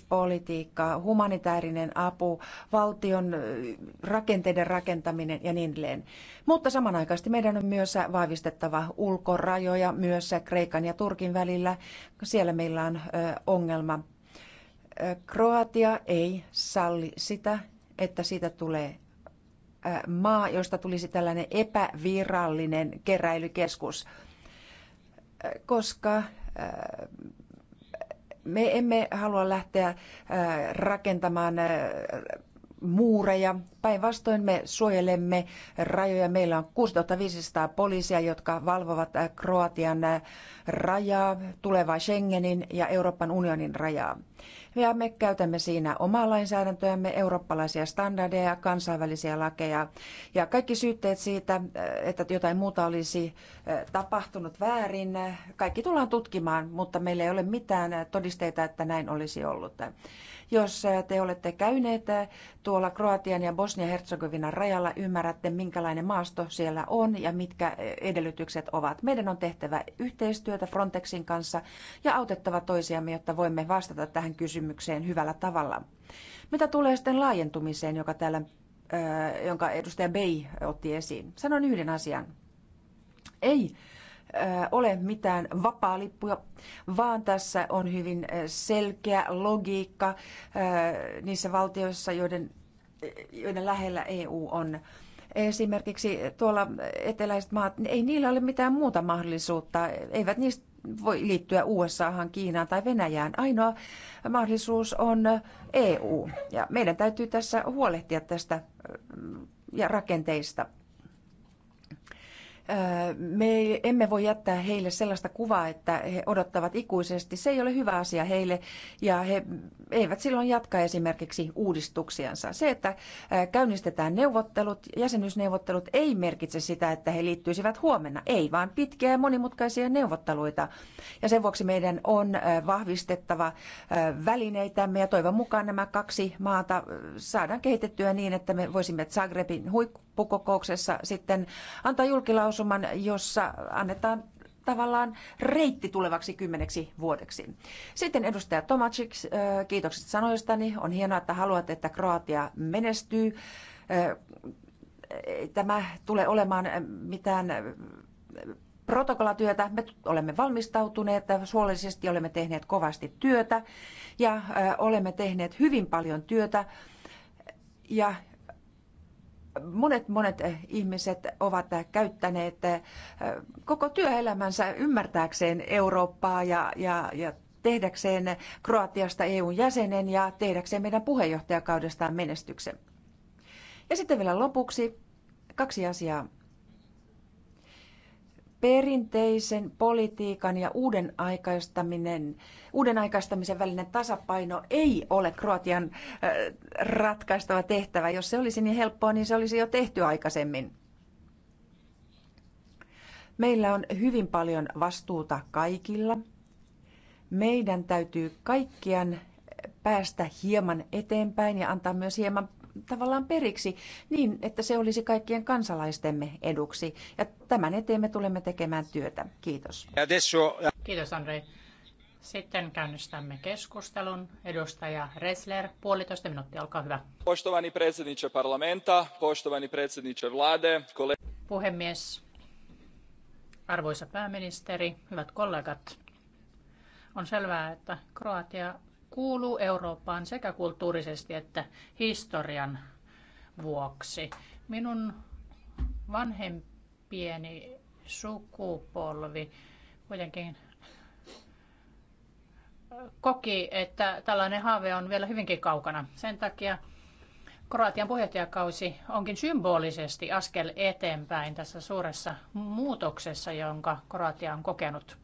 kehityspolitiikka, humanitaarinen apu, valtion rakenteiden rakentaminen ja niin edelleen. Mutta samanaikaisesti meidän on myös vahvistettava ulkorajoja myös Kreikan ja Turkin välillä. Siellä meillä on ongelma. Kroatia ei salli sitä, että siitä tulee maa, josta tulisi tällainen epävirallinen keräilykeskus, koska me emme halua lähteä rakentamaan muureja. Päinvastoin me suojelemme rajoja. Meillä on 6500 poliisia, jotka valvovat äh, Kroatian äh, rajaa, tulevaa Schengenin ja Euroopan unionin rajaa. Ja me käytämme siinä omaa lainsäädäntöämme, eurooppalaisia standardeja ja kansainvälisiä lakeja. Ja kaikki syytteet siitä, äh, että jotain muuta olisi tapahtunut väärin, kaikki tullaan tutkimaan, mutta meillä ei ole mitään todisteita, että näin olisi ollut. Jos te olette käyneet tuolla Kroatian ja Bosnia-Herzegovinan rajalla, ymmärrätte, minkälainen maasto siellä on ja mitkä edellytykset ovat. Meidän on tehtävä yhteistyötä Frontexin kanssa ja autettava toisiamme, jotta voimme vastata tähän kysymykseen hyvällä tavalla. Mitä tulee sitten laajentumiseen, joka täällä, jonka edustaja Bey otti esiin? Sanon yhden asian. Ei ole mitään vapaa-lippuja, vaan tässä on hyvin selkeä logiikka niissä valtioissa, joiden, joiden lähellä EU on. Esimerkiksi tuolla eteläiset maat, ei niillä ole mitään muuta mahdollisuutta, eivät niistä voi liittyä USAhan, Kiinaan tai Venäjään. Ainoa mahdollisuus on EU. Ja meidän täytyy tässä huolehtia tästä ja rakenteista. Me emme voi jättää heille sellaista kuvaa, että he odottavat ikuisesti. Se ei ole hyvä asia heille ja he eivät silloin jatka esimerkiksi uudistuksiansa. Se, että käynnistetään neuvottelut, jäsenyysneuvottelut ei merkitse sitä, että he liittyisivät huomenna. Ei, vaan pitkiä ja monimutkaisia neuvotteluita. Ja sen vuoksi meidän on vahvistettava välineitämme ja toivon mukaan nämä kaksi maata saadaan kehitettyä niin, että me voisimme Zagrebin huippukokouksessa sitten antaa julkilaus lausuman, jossa annetaan tavallaan reitti tulevaksi kymmeneksi vuodeksi. Sitten edustaja Tomacic, kiitokset sanoistani. On hienoa, että haluat, että Kroatia menestyy. Tämä tulee olemaan mitään protokollatyötä. Me olemme valmistautuneet, suolellisesti olemme tehneet kovasti työtä ja olemme tehneet hyvin paljon työtä. Ja monet monet ihmiset ovat käyttäneet eh, koko työelämänsä ymmärtääkseen Eurooppaa ja, ja, ja tehdäkseen Kroatiasta EUn jäsenen ja tehdäkseen meidän puheenjohtajakaudestaan menestyksen. Ja sitten vielä lopuksi kaksi asiaa perinteisen politiikan ja uuden, aikaistaminen, uuden aikaistamisen välinen tasapaino ei ole Kroatian ratkaistava tehtävä. Jos se olisi niin helppoa, niin se olisi jo tehty aikaisemmin. Meillä on hyvin paljon vastuuta kaikilla. Meidän täytyy kaikkien päästä hieman eteenpäin ja antaa myös hieman tavallaan periksi niin, että se olisi kaikkien kansalaistemme eduksi. Ja tämän eteen me tulemme tekemään työtä. Kiitos. Kiitos Andrei. Sitten käynnistämme keskustelun. Edustaja Resler, puolitoista minuuttia, olkaa hyvä. Poistovani presidentti parlamenta, poistovani presidentti vlade, kole... Puhemies, arvoisa pääministeri, hyvät kollegat. On selvää, että Kroatia kuuluu Eurooppaan sekä kulttuurisesti että historian vuoksi. Minun vanhempieni sukupolvi kuitenkin koki, että tällainen haave on vielä hyvinkin kaukana. Sen takia Kroatian puheenjohtajakausi onkin symbolisesti askel eteenpäin tässä suuressa muutoksessa, jonka Kroatia on kokenut.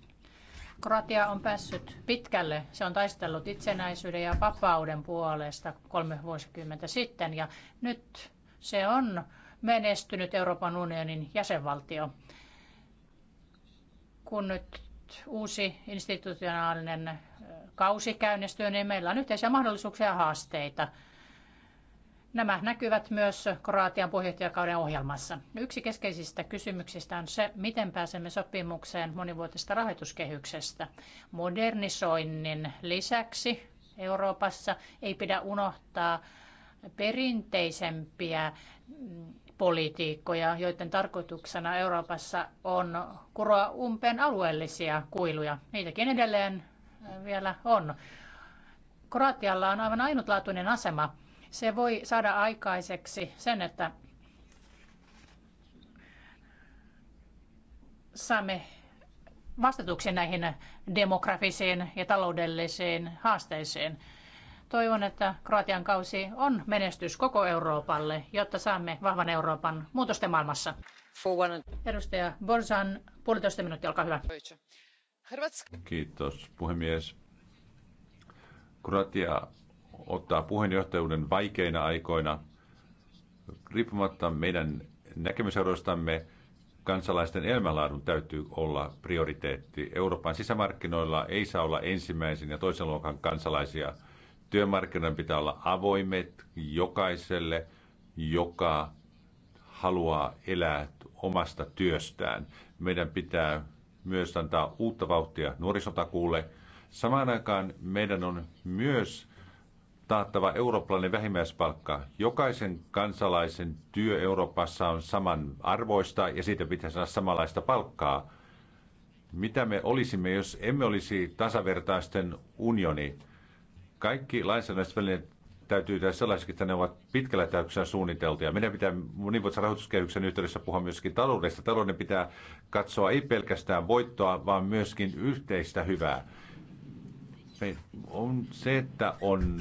Kroatia on päässyt pitkälle. Se on taistellut itsenäisyyden ja vapauden puolesta kolme vuosikymmentä sitten ja nyt se on menestynyt Euroopan unionin jäsenvaltio. Kun nyt uusi institutionaalinen kausi käynnistyy, niin meillä on yhteisiä mahdollisuuksia ja haasteita – Nämä näkyvät myös Kroatian puheenjohtajakauden ohjelmassa. Yksi keskeisistä kysymyksistä on se, miten pääsemme sopimukseen monivuotisesta rahoituskehyksestä. Modernisoinnin lisäksi Euroopassa ei pidä unohtaa perinteisempiä mm, politiikkoja, joiden tarkoituksena Euroopassa on kuroa umpeen alueellisia kuiluja. Niitäkin edelleen vielä on. Kroatialla on aivan ainutlaatuinen asema – se voi saada aikaiseksi sen, että saamme vastatuksen näihin demografisiin ja taloudellisiin haasteisiin. Toivon, että Kroatian kausi on menestys koko Euroopalle, jotta saamme vahvan Euroopan muutosten maailmassa. Edustaja Borsan, puolitoista minuuttia, olkaa hyvä. Kiitos, puhemies. Kroatia ottaa puheenjohtajuuden vaikeina aikoina. Riippumatta meidän näkemyseroistamme, kansalaisten elämänlaadun täytyy olla prioriteetti. Euroopan sisämarkkinoilla ei saa olla ensimmäisen ja toisen luokan kansalaisia. Työmarkkinoiden pitää olla avoimet jokaiselle, joka haluaa elää omasta työstään. Meidän pitää myös antaa uutta vauhtia nuorisotakuulle. Samaan aikaan meidän on myös taattava eurooppalainen vähimmäispalkka. Jokaisen kansalaisen työ Euroopassa on saman arvoista ja siitä pitäisi saada samanlaista palkkaa. Mitä me olisimme, jos emme olisi tasavertaisten unioni? Kaikki lainsäädännölliset välineet täytyy tehdä sellaisiksi, että ne ovat pitkällä täyksellä suunniteltuja. Meidän pitää monivuotisen rahoituskehyksen yhteydessä puhua myöskin taloudesta. Talouden pitää katsoa ei pelkästään voittoa, vaan myöskin yhteistä hyvää. Me on se, että on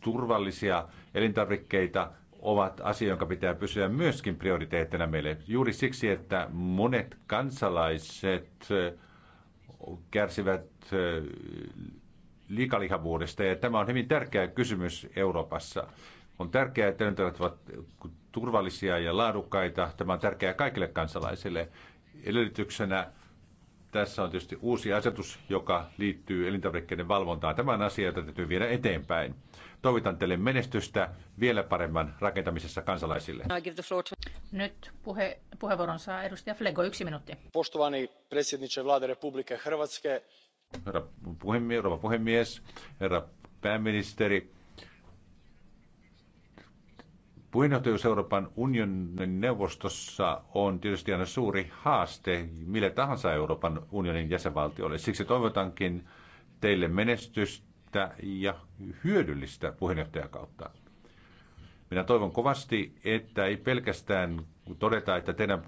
turvallisia elintarvikkeita ovat asia, jonka pitää pysyä myöskin prioriteettina meille. Juuri siksi, että monet kansalaiset kärsivät liikalihavuudesta ja tämä on hyvin tärkeä kysymys Euroopassa. On tärkeää, että elintarvikkeet ovat turvallisia ja laadukkaita. Tämä on tärkeää kaikille kansalaisille. Edellytyksenä tässä on tietysti uusi asetus, joka liittyy elintarvikkeiden valvontaan. Tämä on asia, jota täytyy viedä eteenpäin. Toivotan teille menestystä vielä paremman rakentamisessa kansalaisille. Nyt puhe, puheenvuoron saa edustaja Flego, yksi minuutti. Poštovani presidentti vlade Republike Hrvatske. Herra puhemies, herra puhemies, herra pääministeri. Puheenjohtajuus Euroopan unionin neuvostossa on tietysti aina suuri haaste mille tahansa Euroopan unionin jäsenvaltiolle. Siksi toivotankin teille menestystä tiiviistä ja hyödyllistä puheenjohtajakautta. Minä toivon kovasti, että ei pelkästään todeta, että teidän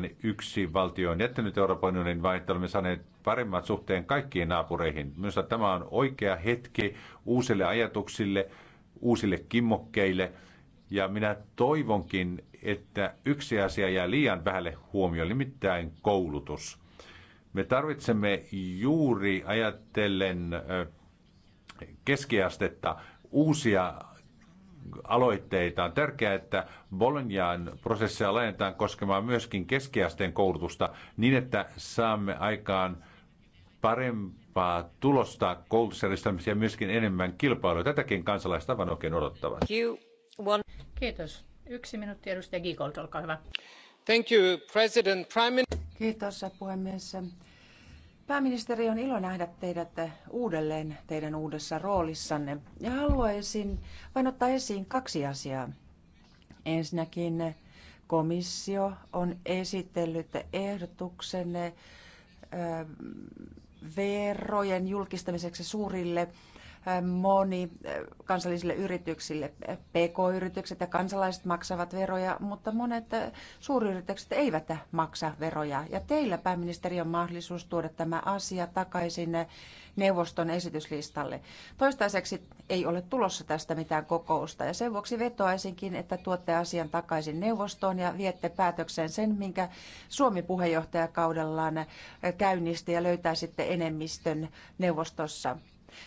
niin yksi valtio on jättänyt Euroopan unionin, vaan että olemme saaneet paremmat suhteen kaikkiin naapureihin. Minusta tämä on oikea hetki uusille ajatuksille, uusille kimmokkeille. Ja minä toivonkin, että yksi asia jää liian vähälle huomioon, nimittäin koulutus. Me tarvitsemme juuri ajatellen keskiastetta, uusia aloitteita. On tärkeää, että Bolognan prosessia laajennetaan koskemaan myöskin keskiasteen koulutusta niin, että saamme aikaan parempaa tulosta koulutusjärjestelmissä ja myöskin enemmän kilpailua. Tätäkin kansalaiset aivan oikein odottavat. Kiitos. Yksi minuutti edustaja Giegold, olkaa hyvä. Thank you, President. Prime... Kiitos puhemies Pääministeri, on ilo nähdä teidät uudelleen teidän uudessa roolissanne. Ja haluaisin vain ottaa esiin kaksi asiaa. Ensinnäkin komissio on esitellyt ehdotuksenne verojen julkistamiseksi suurille moni eh, kansallisille yrityksille. PK-yritykset ja kansalaiset maksavat veroja, mutta monet eh, suuryritykset eivät maksa veroja. Ja teillä, pääministeri, on mahdollisuus tuoda tämä asia takaisin eh, neuvoston esityslistalle. Toistaiseksi ei ole tulossa tästä mitään kokousta ja sen vuoksi vetoaisinkin, että tuotte asian takaisin neuvostoon ja viette päätökseen sen, minkä Suomi puheenjohtajakaudellaan käynnisti ja löytäisitte enemmistön neuvostossa.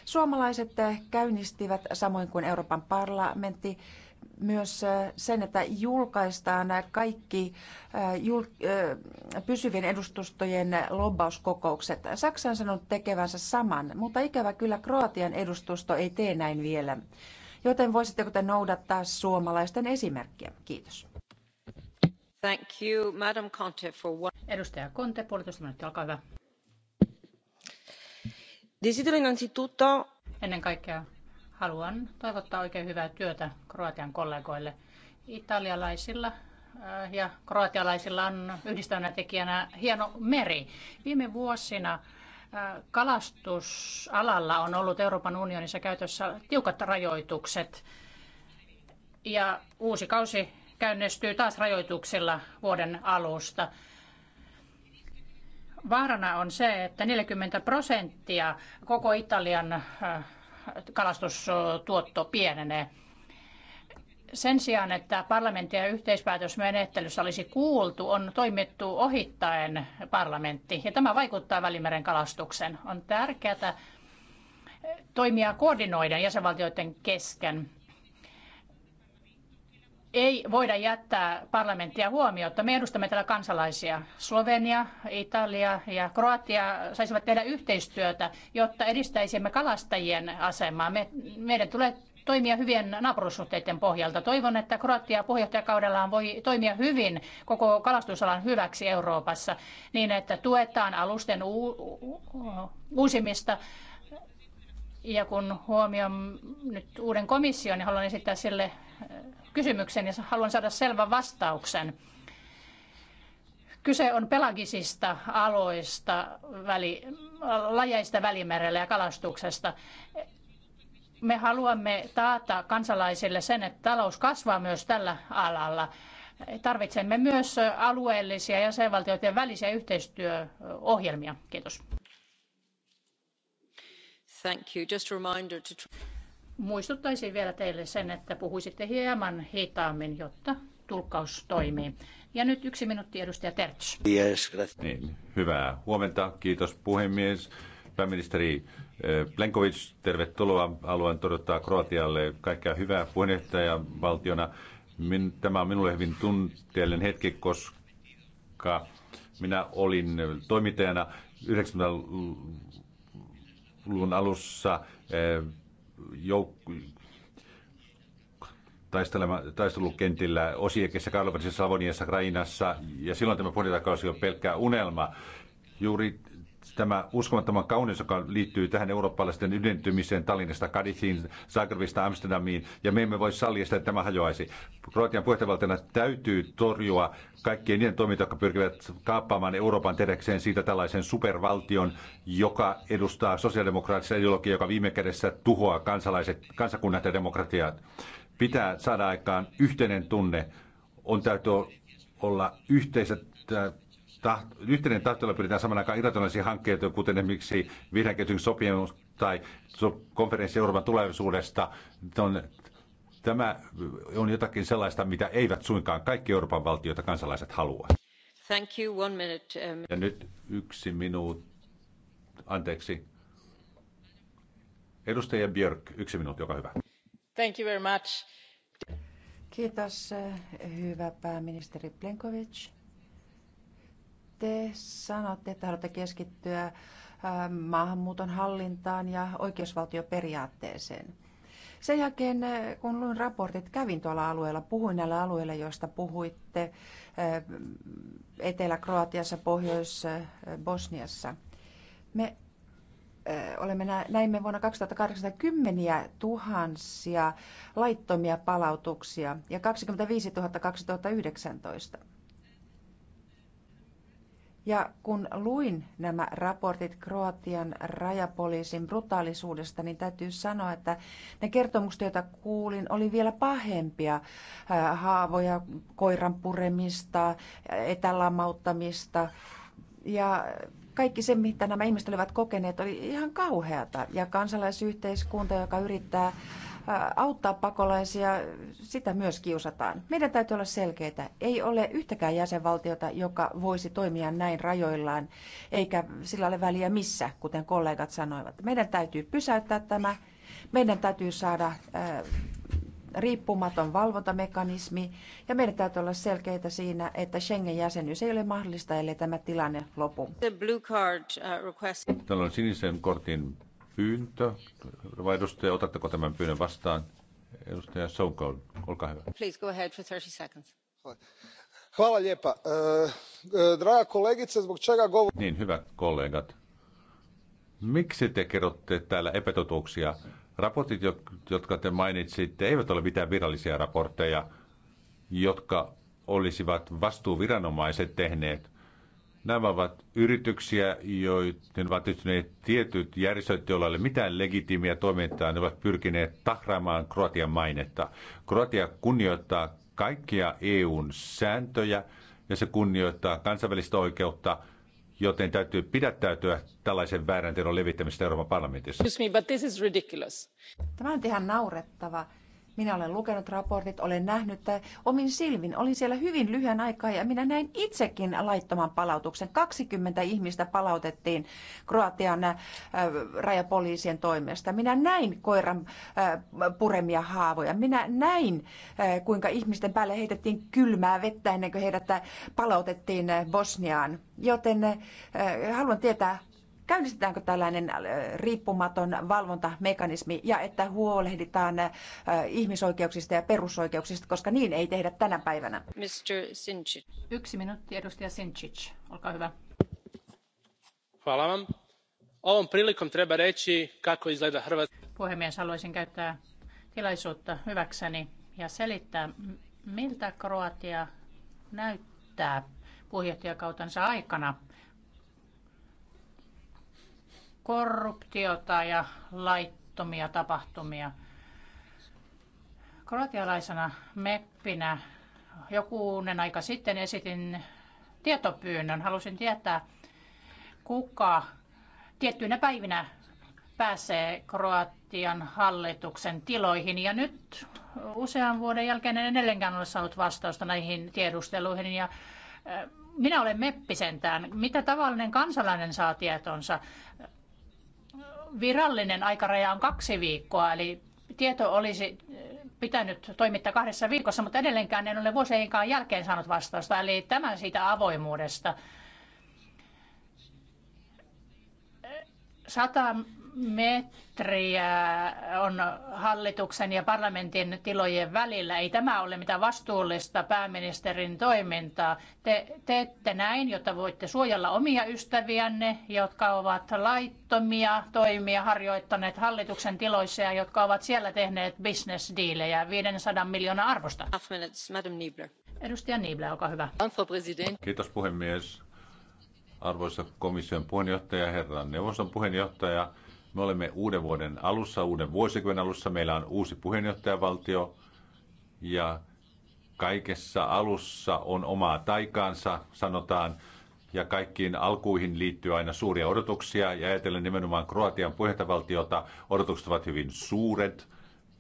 Suomalaiset eh, käynnistivät, samoin kuin Euroopan parlamentti, myös eh, sen, että julkaistaan kaikki eh, pysyvien edustustojen lobbauskokoukset. Saksa on sanonut tekevänsä saman, mutta ikävä kyllä Kroatian edustusto ei tee näin vielä. Joten voisitteko te noudattaa suomalaisten esimerkkiä? Kiitos. Thank you, Madam Conte, for one... Edustaja Conte, puolitoista minuuttia, olkaa hyvä. Ennen kaikkea haluan toivottaa oikein hyvää työtä Kroatian kollegoille. Italialaisilla äh, ja kroatialaisilla on yhdistävänä tekijänä hieno meri. Viime vuosina äh, kalastusalalla on ollut Euroopan unionissa käytössä tiukat rajoitukset ja uusi kausi käynnistyy taas rajoituksilla vuoden alusta vaarana on se, että 40 prosenttia koko Italian äh, kalastustuotto pienenee. Sen sijaan, että parlamentin ja yhteispäätösmenettelyssä olisi kuultu, on toimittu ohittaen parlamentti. Ja tämä vaikuttaa Välimeren kalastuksen. On tärkeää toimia koordinoiden jäsenvaltioiden kesken ei voida jättää parlamenttia huomiota. Me edustamme täällä kansalaisia. Slovenia, Italia ja Kroatia saisivat tehdä yhteistyötä, jotta edistäisimme kalastajien asemaa. Me, meidän tulee toimia hyvien naapurussuhteiden pohjalta. Toivon, että Kroatia puheenjohtajakaudellaan voi toimia hyvin koko kalastusalan hyväksi Euroopassa niin, että tuetaan alusten uusimista ja kun huomioon nyt uuden komission, niin haluan esittää sille äh, kysymyksen ja haluan saada selvän vastauksen. Kyse on pelagisista aloista, väli, lajeista välimerellä ja kalastuksesta. Me haluamme taata kansalaisille sen, että talous kasvaa myös tällä alalla. Tarvitsemme myös alueellisia ja jäsenvaltioiden välisiä yhteistyöohjelmia. Kiitos. Muistuttaisin vielä teille sen, että puhuisitte hieman hitaammin, jotta tulkkaus toimii. Ja nyt yksi minuutti edustaja Terts. Yes, niin, hyvää huomenta, kiitos puhemies. Pääministeri eh, Plenkovic, tervetuloa. Haluan todottaa Kroatialle kaikkea hyvää valtiona. Min, tämä on minulle hyvin tunteellinen hetki, koska minä olin toimittajana 90 luvun alussa eh, jouk- taistelukentillä Osiekissa, Karlovacissa, Savoniassa, Krainassa, ja silloin tämä puolitakausi oli pelkkää unelma. Juuri tämä uskomattoman kaunis, joka liittyy tähän eurooppalaisten ydentymiseen Tallinnasta, Kadisiin, Zagrebista, Amsterdamiin, ja me emme voi sallia sitä, että tämä hajoaisi. Kroatian puheenjohtajana täytyy torjua kaikkien niiden toimintaa, jotka pyrkivät kaappaamaan Euroopan tehdäkseen siitä tällaisen supervaltion, joka edustaa sosiaalidemokraattista ideologiaa, joka viime kädessä tuhoaa kansalaiset, kansakunnat ja demokratiat. Pitää saada aikaan yhteinen tunne, on täytyy olla yhteiset äh, taht, yhteinen tahtoilla pyritään saman aikaan irratilaisia hankkeita, kuten esimerkiksi vihreän sopimus tai konferenssi Euroopan tulevaisuudesta. Tämä on jotakin sellaista, mitä eivät suinkaan kaikki Euroopan valtioita kansalaiset halua. Thank you, one minute, um... Ja nyt yksi minuutti. Anteeksi. Edustaja Björk, yksi minuutti, joka hyvä. Thank you very much. Kiitos, eh, hyvä pääministeri Plenkovic te sanotte, että haluatte keskittyä äh, maahanmuuton hallintaan ja oikeusvaltioperiaatteeseen. Sen jälkeen, äh, kun luin raportit, kävin tuolla alueella, puhuin näillä alueilla, joista puhuitte, äh, Etelä-Kroatiassa, Pohjois-Bosniassa. Me olemme näimme vuonna 2010 kymmeniä tuhansia laittomia palautuksia ja 25 000 2019. Ja kun luin nämä raportit Kroatian rajapoliisin brutaalisuudesta, niin täytyy sanoa, että ne kertomukset, joita kuulin, oli vielä pahempia. Haavoja, koiran puremista, etälamauttamista ja kaikki se, mitä nämä ihmiset olivat kokeneet, oli ihan kauheata. Ja kansalaisyhteiskunta, joka yrittää auttaa pakolaisia, sitä myös kiusataan. Meidän täytyy olla selkeitä. Ei ole yhtäkään jäsenvaltiota, joka voisi toimia näin rajoillaan, eikä sillä ole väliä missä, kuten kollegat sanoivat. Meidän täytyy pysäyttää tämä. Meidän täytyy saada riippumaton valvontamekanismi ja meidän täytyy olla selkeitä siinä, että Schengen-jäsenyys ei ole mahdollista, ellei tämä tilanne lopu. Täällä uh, on sinisen kortin pyyntö. Vai edustaja, otatteko tämän pyynnön vastaan? Edustaja Soukol, olkaa hyvä. Please go ahead for 30 seconds. Hvala lijepa. E, e, draga kolegice, zbog čega govor... Niin, hyvät kollegat. Miksi te kerrotte täällä epätotuuksia? Raportit, jotka te mainitsitte, eivät ole mitään virallisia raportteja, jotka olisivat vastuuviranomaiset tehneet – Nämä ovat yrityksiä, joiden ovat yhtyneet tietyt järjestöt, joilla ei ole mitään legitiimiä toimintaa. Ne ovat pyrkineet tahraamaan Kroatian mainetta. Kroatia kunnioittaa kaikkia EUn sääntöjä ja se kunnioittaa kansainvälistä oikeutta, joten täytyy pidättäytyä tällaisen väärän tiedon levittämisestä Euroopan parlamentissa. Tämä on ihan naurettava. Minä olen lukenut raportit, olen nähnyt omin silmin. Olin siellä hyvin lyhyen aikaa ja minä näin itsekin laittoman palautuksen. 20 ihmistä palautettiin Kroatian äh, rajapoliisien toimesta. Minä näin koiran äh, puremia haavoja. Minä näin, äh, kuinka ihmisten päälle heitettiin kylmää vettä ennen kuin heidät äh, palautettiin äh, Bosniaan. Joten äh, haluan tietää, käynnistetäänkö tällainen äh, riippumaton valvontamekanismi ja että huolehditaan äh, ihmisoikeuksista ja perusoikeuksista, koska niin ei tehdä tänä päivänä. Mr. Sinčić. Yksi minuutti, edustaja Sinčić. Olkaa hyvä. Hvala vam. Ovom prilikom treba reći kako izgleda Hrvatska. Puhemies, haluaisin käyttää tilaisuutta hyväkseni ja selittää, miltä Kroatia näyttää puheenjohtajakautensa aikana – korruptiota ja laittomia tapahtumia. Kroatialaisena meppinä unen aika sitten esitin tietopyynnön. Halusin tietää, kuka tiettyinä päivinä pääsee Kroatian hallituksen tiloihin. Ja nyt usean vuoden jälkeen en edelleenkään ole saanut vastausta näihin tiedusteluihin. Ja minä olen meppisentään. Mitä tavallinen kansalainen saa tietonsa? virallinen aikaraja on kaksi viikkoa, eli tieto olisi eh, pitänyt toimittaa kahdessa viikossa, mutta edelleenkään en ole vuosienkaan jälkeen saanut vastausta, eli tämä siitä avoimuudesta. Eh, sata metriä on hallituksen ja parlamentin tilojen välillä. Ei tämä ole mitään vastuullista pääministerin toimintaa. Te teette näin, jotta voitte suojella omia ystäviänne, jotka ovat laittomia toimia harjoittaneet hallituksen tiloissa ja jotka ovat siellä tehneet bisnesdiilejä 500 miljoonaa arvosta. Edustaja Niebler, olkaa hyvä. Kiitos puhemies arvoisa komission puheenjohtaja, herra neuvoston puheenjohtaja. Me olemme uuden vuoden alussa, uuden vuosikymmenen alussa. Meillä on uusi puheenjohtajavaltio ja kaikessa alussa on omaa taikaansa, sanotaan, ja kaikkiin alkuihin liittyy aina suuria odotuksia, ja ajatellen nimenomaan Kroatian puheenjohtajavaltiota, odotukset ovat hyvin suuret –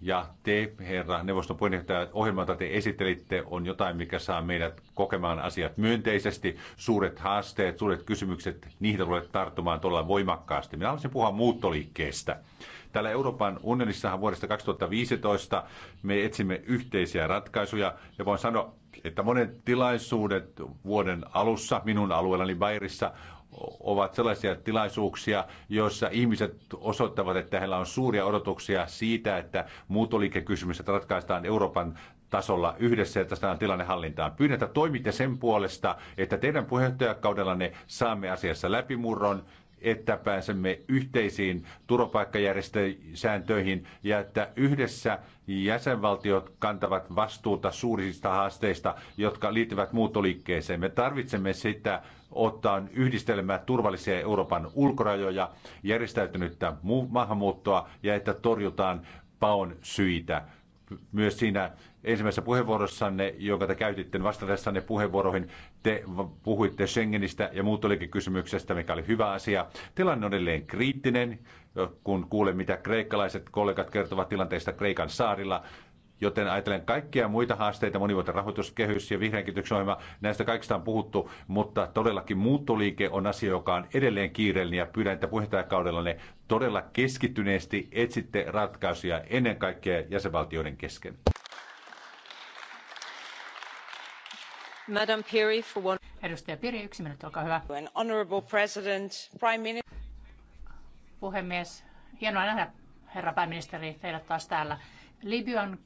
ja te, herra neuvoston puheenjohtaja, ohjelma, jota te esittelitte, on jotain, mikä saa meidät kokemaan asiat myönteisesti. Suuret haasteet, suuret kysymykset, niitä tulee tarttumaan todella voimakkaasti. Minä haluaisin puhua muuttoliikkeestä. Täällä Euroopan unionissahan vuodesta 2015 me etsimme yhteisiä ratkaisuja ja voin sanoa, että monet tilaisuudet vuoden alussa minun alueellani Bairissa ovat sellaisia tilaisuuksia, joissa ihmiset osoittavat, että heillä on suuria odotuksia siitä, että muuttoliikekysymykset ratkaistaan Euroopan tasolla yhdessä, että saadaan tilanne hallintaan. Pyydän, että toimitte sen puolesta, että teidän puheenjohtajakaudellanne saamme asiassa läpimurron että pääsemme yhteisiin turvapaikkajärjestösääntöihin ja että yhdessä jäsenvaltiot kantavat vastuuta suurista haasteista, jotka liittyvät muuttoliikkeeseen. Me tarvitsemme sitä ottaa yhdistelmää turvallisia Euroopan ulkorajoja, järjestäytynyttä maahanmuuttoa ja että torjutaan paon syitä myös siinä ensimmäisessä puheenvuorossanne, jonka te käytitte vastatessanne puheenvuoroihin, te puhuitte Schengenistä ja kysymyksestä, mikä oli hyvä asia. Tilanne on edelleen kriittinen, kun kuulen, mitä kreikkalaiset kollegat kertovat tilanteesta Kreikan saarilla. Joten ajatellen kaikkia muita haasteita, monivuotinen rahoituskehys ja vihreän ohjelma, näistä kaikista on puhuttu, mutta todellakin muuttoliike on asia, joka on edelleen kiireellinen ja pyydän, että ne todella keskittyneesti etsitte ratkaisuja ennen kaikkea jäsenvaltioiden kesken. arvoisa Piri, hyvä. Puhemies, hienoa nähdä, herra pääministeri, teidät taas täällä. Libyan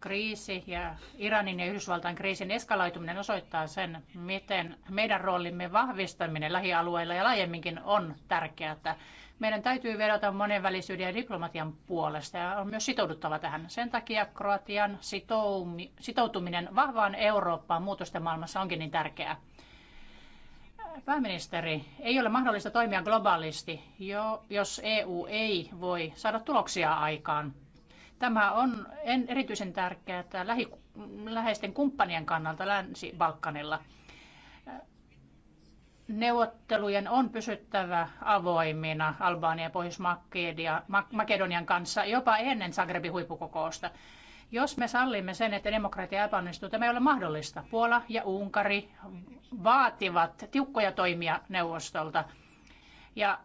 kriisi ja Iranin ja Yhdysvaltain kriisin eskaloituminen osoittaa sen, miten meidän roolimme vahvistaminen lähialueilla ja laajemminkin on tärkeää. Meidän täytyy vedota monenvälisyyden ja diplomatian puolesta ja on myös sitouduttava tähän. Sen takia Kroatian sitoutuminen vahvaan Eurooppaan muutosten maailmassa onkin niin tärkeää. Pääministeri, ei ole mahdollista toimia globaalisti, jo, jos EU ei voi saada tuloksia aikaan. Tämä on erityisen tärkeää lähi, läheisten kumppanien kannalta Länsi-Balkanilla. Neuvottelujen on pysyttävä avoimina Albania ja Pohjois-Makedonian kanssa jopa ennen Zagrebin huippukokousta. Jos me sallimme sen, että demokratia epäonnistuu, tämä ei ole mahdollista. Puola ja Unkari vaativat tiukkoja toimia neuvostolta. Ja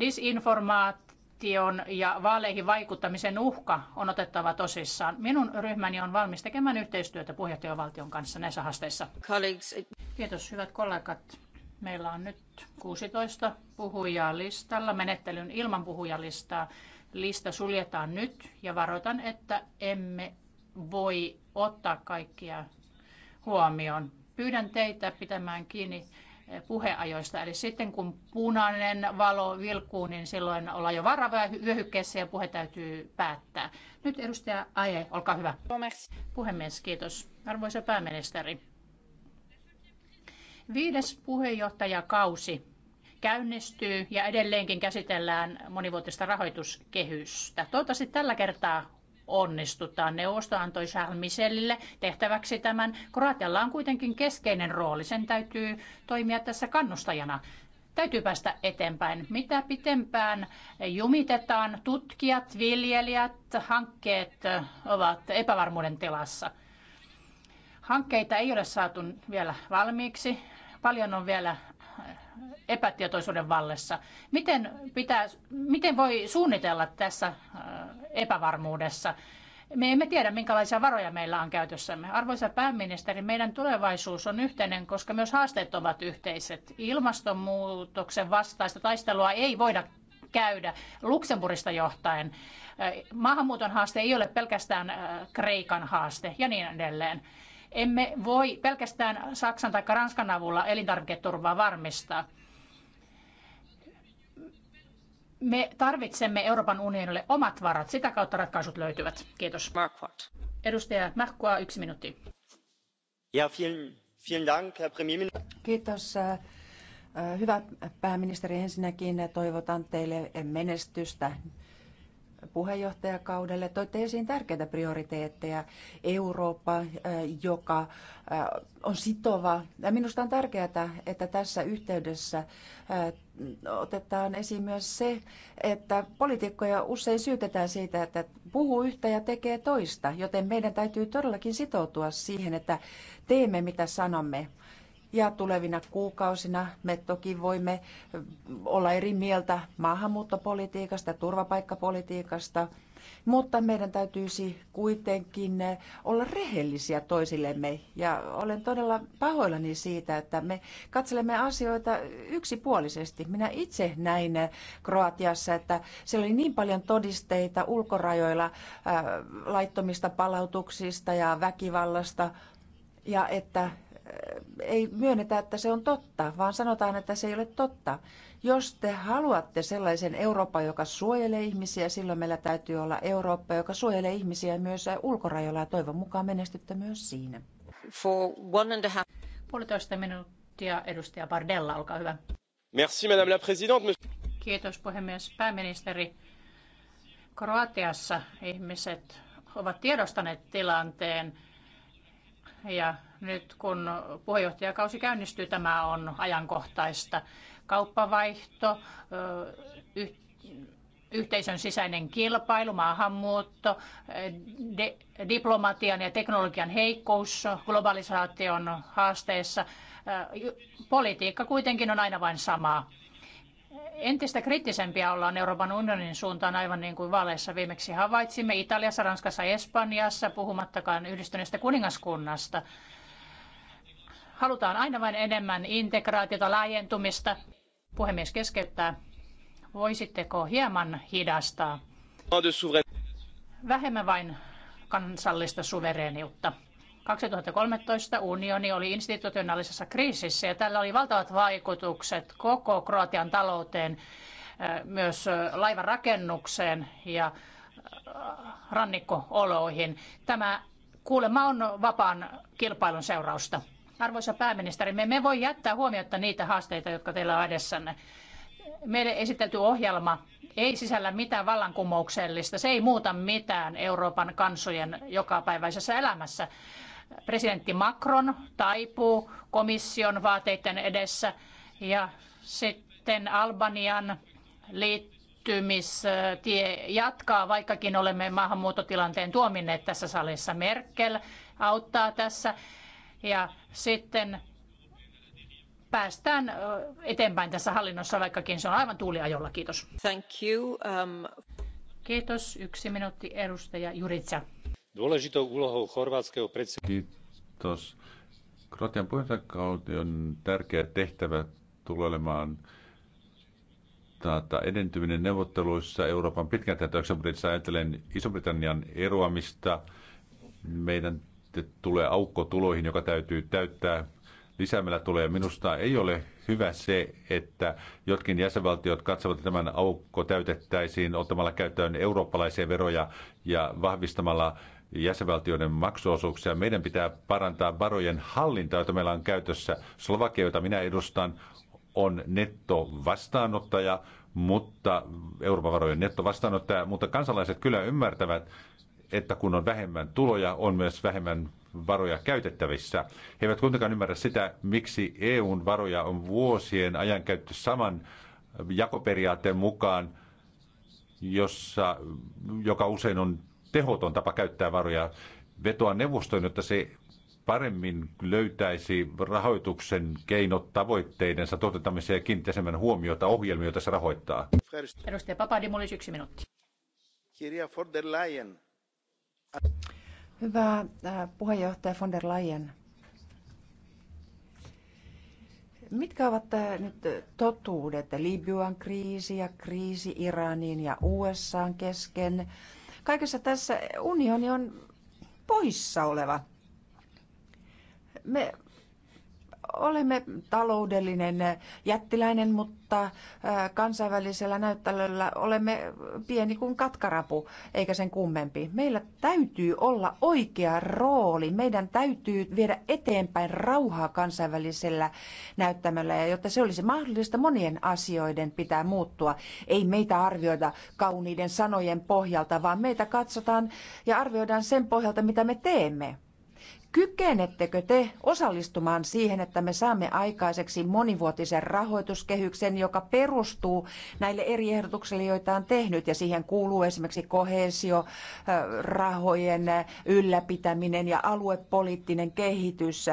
disinformaatio korruption ja vaaleihin vaikuttamisen uhka on otettava tosissaan. Minun ryhmäni on valmis tekemään yhteistyötä puheenjohtajavaltion kanssa näissä haasteissa. Kiitos hyvät kollegat. Meillä on nyt 16 puhujaa listalla. Menettelyn ilman puhujalistaa lista suljetaan nyt ja varoitan, että emme voi ottaa kaikkia huomioon. Pyydän teitä pitämään kiinni puheajoista. Eli sitten kun punainen valo vilkkuu, niin silloin ollaan jo varavyöhykkeessä ja puhe täytyy päättää. Nyt edustaja Aje, olkaa hyvä. Puhemies, kiitos. Arvoisa pääministeri. Viides puheenjohtajakausi käynnistyy ja edelleenkin käsitellään monivuotista rahoituskehystä. Toivottavasti tällä kertaa onnistutaan. Neuvosto antoi Charles Michelille tehtäväksi tämän. Kroatialla on kuitenkin keskeinen rooli. Sen täytyy toimia tässä kannustajana. Täytyy päästä eteenpäin. Mitä pitempään jumitetaan, tutkijat, viljelijät, hankkeet ovat epävarmuuden tilassa. Hankkeita ei ole saatu vielä valmiiksi. Paljon on vielä epätietoisuuden vallessa. Miten, pitää, miten voi suunnitella tässä äh, epävarmuudessa? Me emme tiedä, minkälaisia varoja meillä on käytössämme. Arvoisa pääministeri, meidän tulevaisuus on yhteinen, koska myös haasteet ovat yhteiset. Ilmastonmuutoksen vastaista taistelua ei voida käydä Luxemburgista johtaen. Äh, maahanmuuton haaste ei ole pelkästään äh, Kreikan haaste ja niin edelleen. Emme voi pelkästään Saksan tai Ranskan avulla elintarviketurvaa varmistaa. Me tarvitsemme Euroopan unionille omat varat. Sitä kautta ratkaisut löytyvät. Kiitos. Marquardt. Edustaja Mähkua, yksi minuutti. Ja, vielen, vielen Dank, Herr Kiitos. Äh, äh, hyvä pääministeri, ensinnäkin toivotan teille menestystä puheenjohtajakaudelle. Toitte esiin tärkeitä prioriteetteja. Eurooppa, äh, joka äh, on sitova. Ja minusta on tärkeää, että tässä yhteydessä äh, otetaan esiin myös se, että poliitikkoja usein syytetään siitä, että puhuu yhtä ja tekee toista, joten meidän täytyy todellakin sitoutua siihen, että teemme mitä sanomme. Ja tulevina kuukausina me toki voimme olla eri mieltä maahanmuuttopolitiikasta ja turvapaikkapolitiikasta, mutta meidän täytyisi kuitenkin olla rehellisiä toisillemme. Ja olen todella pahoillani siitä, että me katselemme asioita yksipuolisesti. Minä itse näin Kroatiassa, että siellä oli niin paljon todisteita ulkorajoilla äh, laittomista palautuksista ja väkivallasta, ja että ei myönnetä, että se on totta, vaan sanotaan, että se ei ole totta. Jos te haluatte sellaisen Euroopan, joka suojelee ihmisiä, silloin meillä täytyy olla Eurooppa, joka suojelee ihmisiä myös ulkorajoilla ja toivon mukaan menestytte myös siinä. For one and a half... Puolitoista minuuttia edustaja Bardella, olkaa hyvä. Merci, madame la présidente. Kiitos puhemies. Pääministeri, Kroatiassa ihmiset ovat tiedostaneet tilanteen ja nyt kun puheenjohtajakausi käynnistyy, tämä on ajankohtaista. Kauppavaihto, yhteisön sisäinen kilpailu, maahanmuutto, diplomatian ja teknologian heikkous globalisaation haasteessa. Politiikka kuitenkin on aina vain samaa entistä kriittisempiä ollaan Euroopan unionin suuntaan, aivan niin kuin vaaleissa viimeksi havaitsimme Italiassa, Ranskassa, Espanjassa, puhumattakaan yhdistyneestä kuningaskunnasta. Halutaan aina vain enemmän integraatiota, laajentumista. Puhemies keskeyttää. Voisitteko hieman hidastaa? Vähemmän vain kansallista suvereeniutta. 2013 unioni oli institutionaalisessa kriisissä ja tällä oli valtavat vaikutukset koko Kroatian talouteen, äh, myös äh, laivan rakennukseen ja äh, rannikkooloihin. Tämä kuulemma on vapaan kilpailun seurausta. Arvoisa pääministeri, me emme voi jättää huomiota niitä haasteita, jotka teillä on edessänne. Meille esitelty ohjelma ei sisällä mitään vallankumouksellista. Se ei muuta mitään Euroopan kansojen jokapäiväisessä elämässä presidentti Macron taipuu komission vaateiden edessä ja sitten Albanian liittymistie jatkaa, vaikkakin olemme maahanmuuttotilanteen tuominneet tässä salissa. Merkel auttaa tässä ja sitten päästään eteenpäin tässä hallinnossa, vaikkakin se on aivan tuuliajolla. Kiitos. Thank you. Um... Kiitos. Yksi minuutti edustaja Juritsa Dôležitou úlohou chorvátskeho predsedníctva... Kroatian puheenjohtajakaution tärkeä tehtävä tulee olemaan taata edentyminen neuvotteluissa Euroopan pitkän tähtäyksen budjetissa Iso-Britannian eroamista. Meidän tulee aukko tuloihin, joka täytyy täyttää lisäämällä tulee. Minusta ei ole hyvä se, että jotkin jäsenvaltiot katsovat, että tämän aukko täytettäisiin ottamalla käyttöön eurooppalaisia veroja ja vahvistamalla jäsenvaltioiden maksuosuuksia. Meidän pitää parantaa varojen hallintaa, jota meillä on käytössä. Slovakia, jota minä edustan, on netto vastaanottaja, mutta Euroopan varojen netto vastaanottaja, mutta kansalaiset kyllä ymmärtävät, että kun on vähemmän tuloja, on myös vähemmän varoja käytettävissä. He eivät kuitenkaan ymmärrä sitä, miksi EUn varoja on vuosien ajan käytetty saman jakoperiaatteen mukaan, jossa, joka usein on tehoton tapa käyttää varoja. Vetoa neuvostoon, jotta se paremmin löytäisi rahoituksen keinot tavoitteidensa toteuttamiseen ja kiinnittäisemmän huomiota ohjelmiin, joita se rahoittaa. Edustaja Papadimulis, yksi minuutti. Kirja for the Lion. Hyvä äh, puheenjohtaja von der Leyen. Mitkä ovat äh, nyt totuudet Libyan kriisi ja kriisi Iranin ja USA kesken? Kaikessa tässä unioni on poissa oleva. Me olemme taloudellinen jättiläinen, mutta kansainvälisellä näyttelöllä olemme pieni kuin katkarapu, eikä sen kummempi. Meillä täytyy olla oikea rooli. Meidän täytyy viedä eteenpäin rauhaa kansainvälisellä näyttämöllä, ja jotta se olisi mahdollista, monien asioiden pitää muuttua. Ei meitä arvioida kauniiden sanojen pohjalta, vaan meitä katsotaan ja arvioidaan sen pohjalta, mitä me teemme. Kykenettekö te osallistumaan siihen, että me saamme aikaiseksi monivuotisen rahoituskehyksen, joka perustuu näille eri ehdotuksille, joita on tehnyt, ja siihen kuuluu esimerkiksi koheesiorahojen ylläpitäminen ja aluepoliittinen kehitys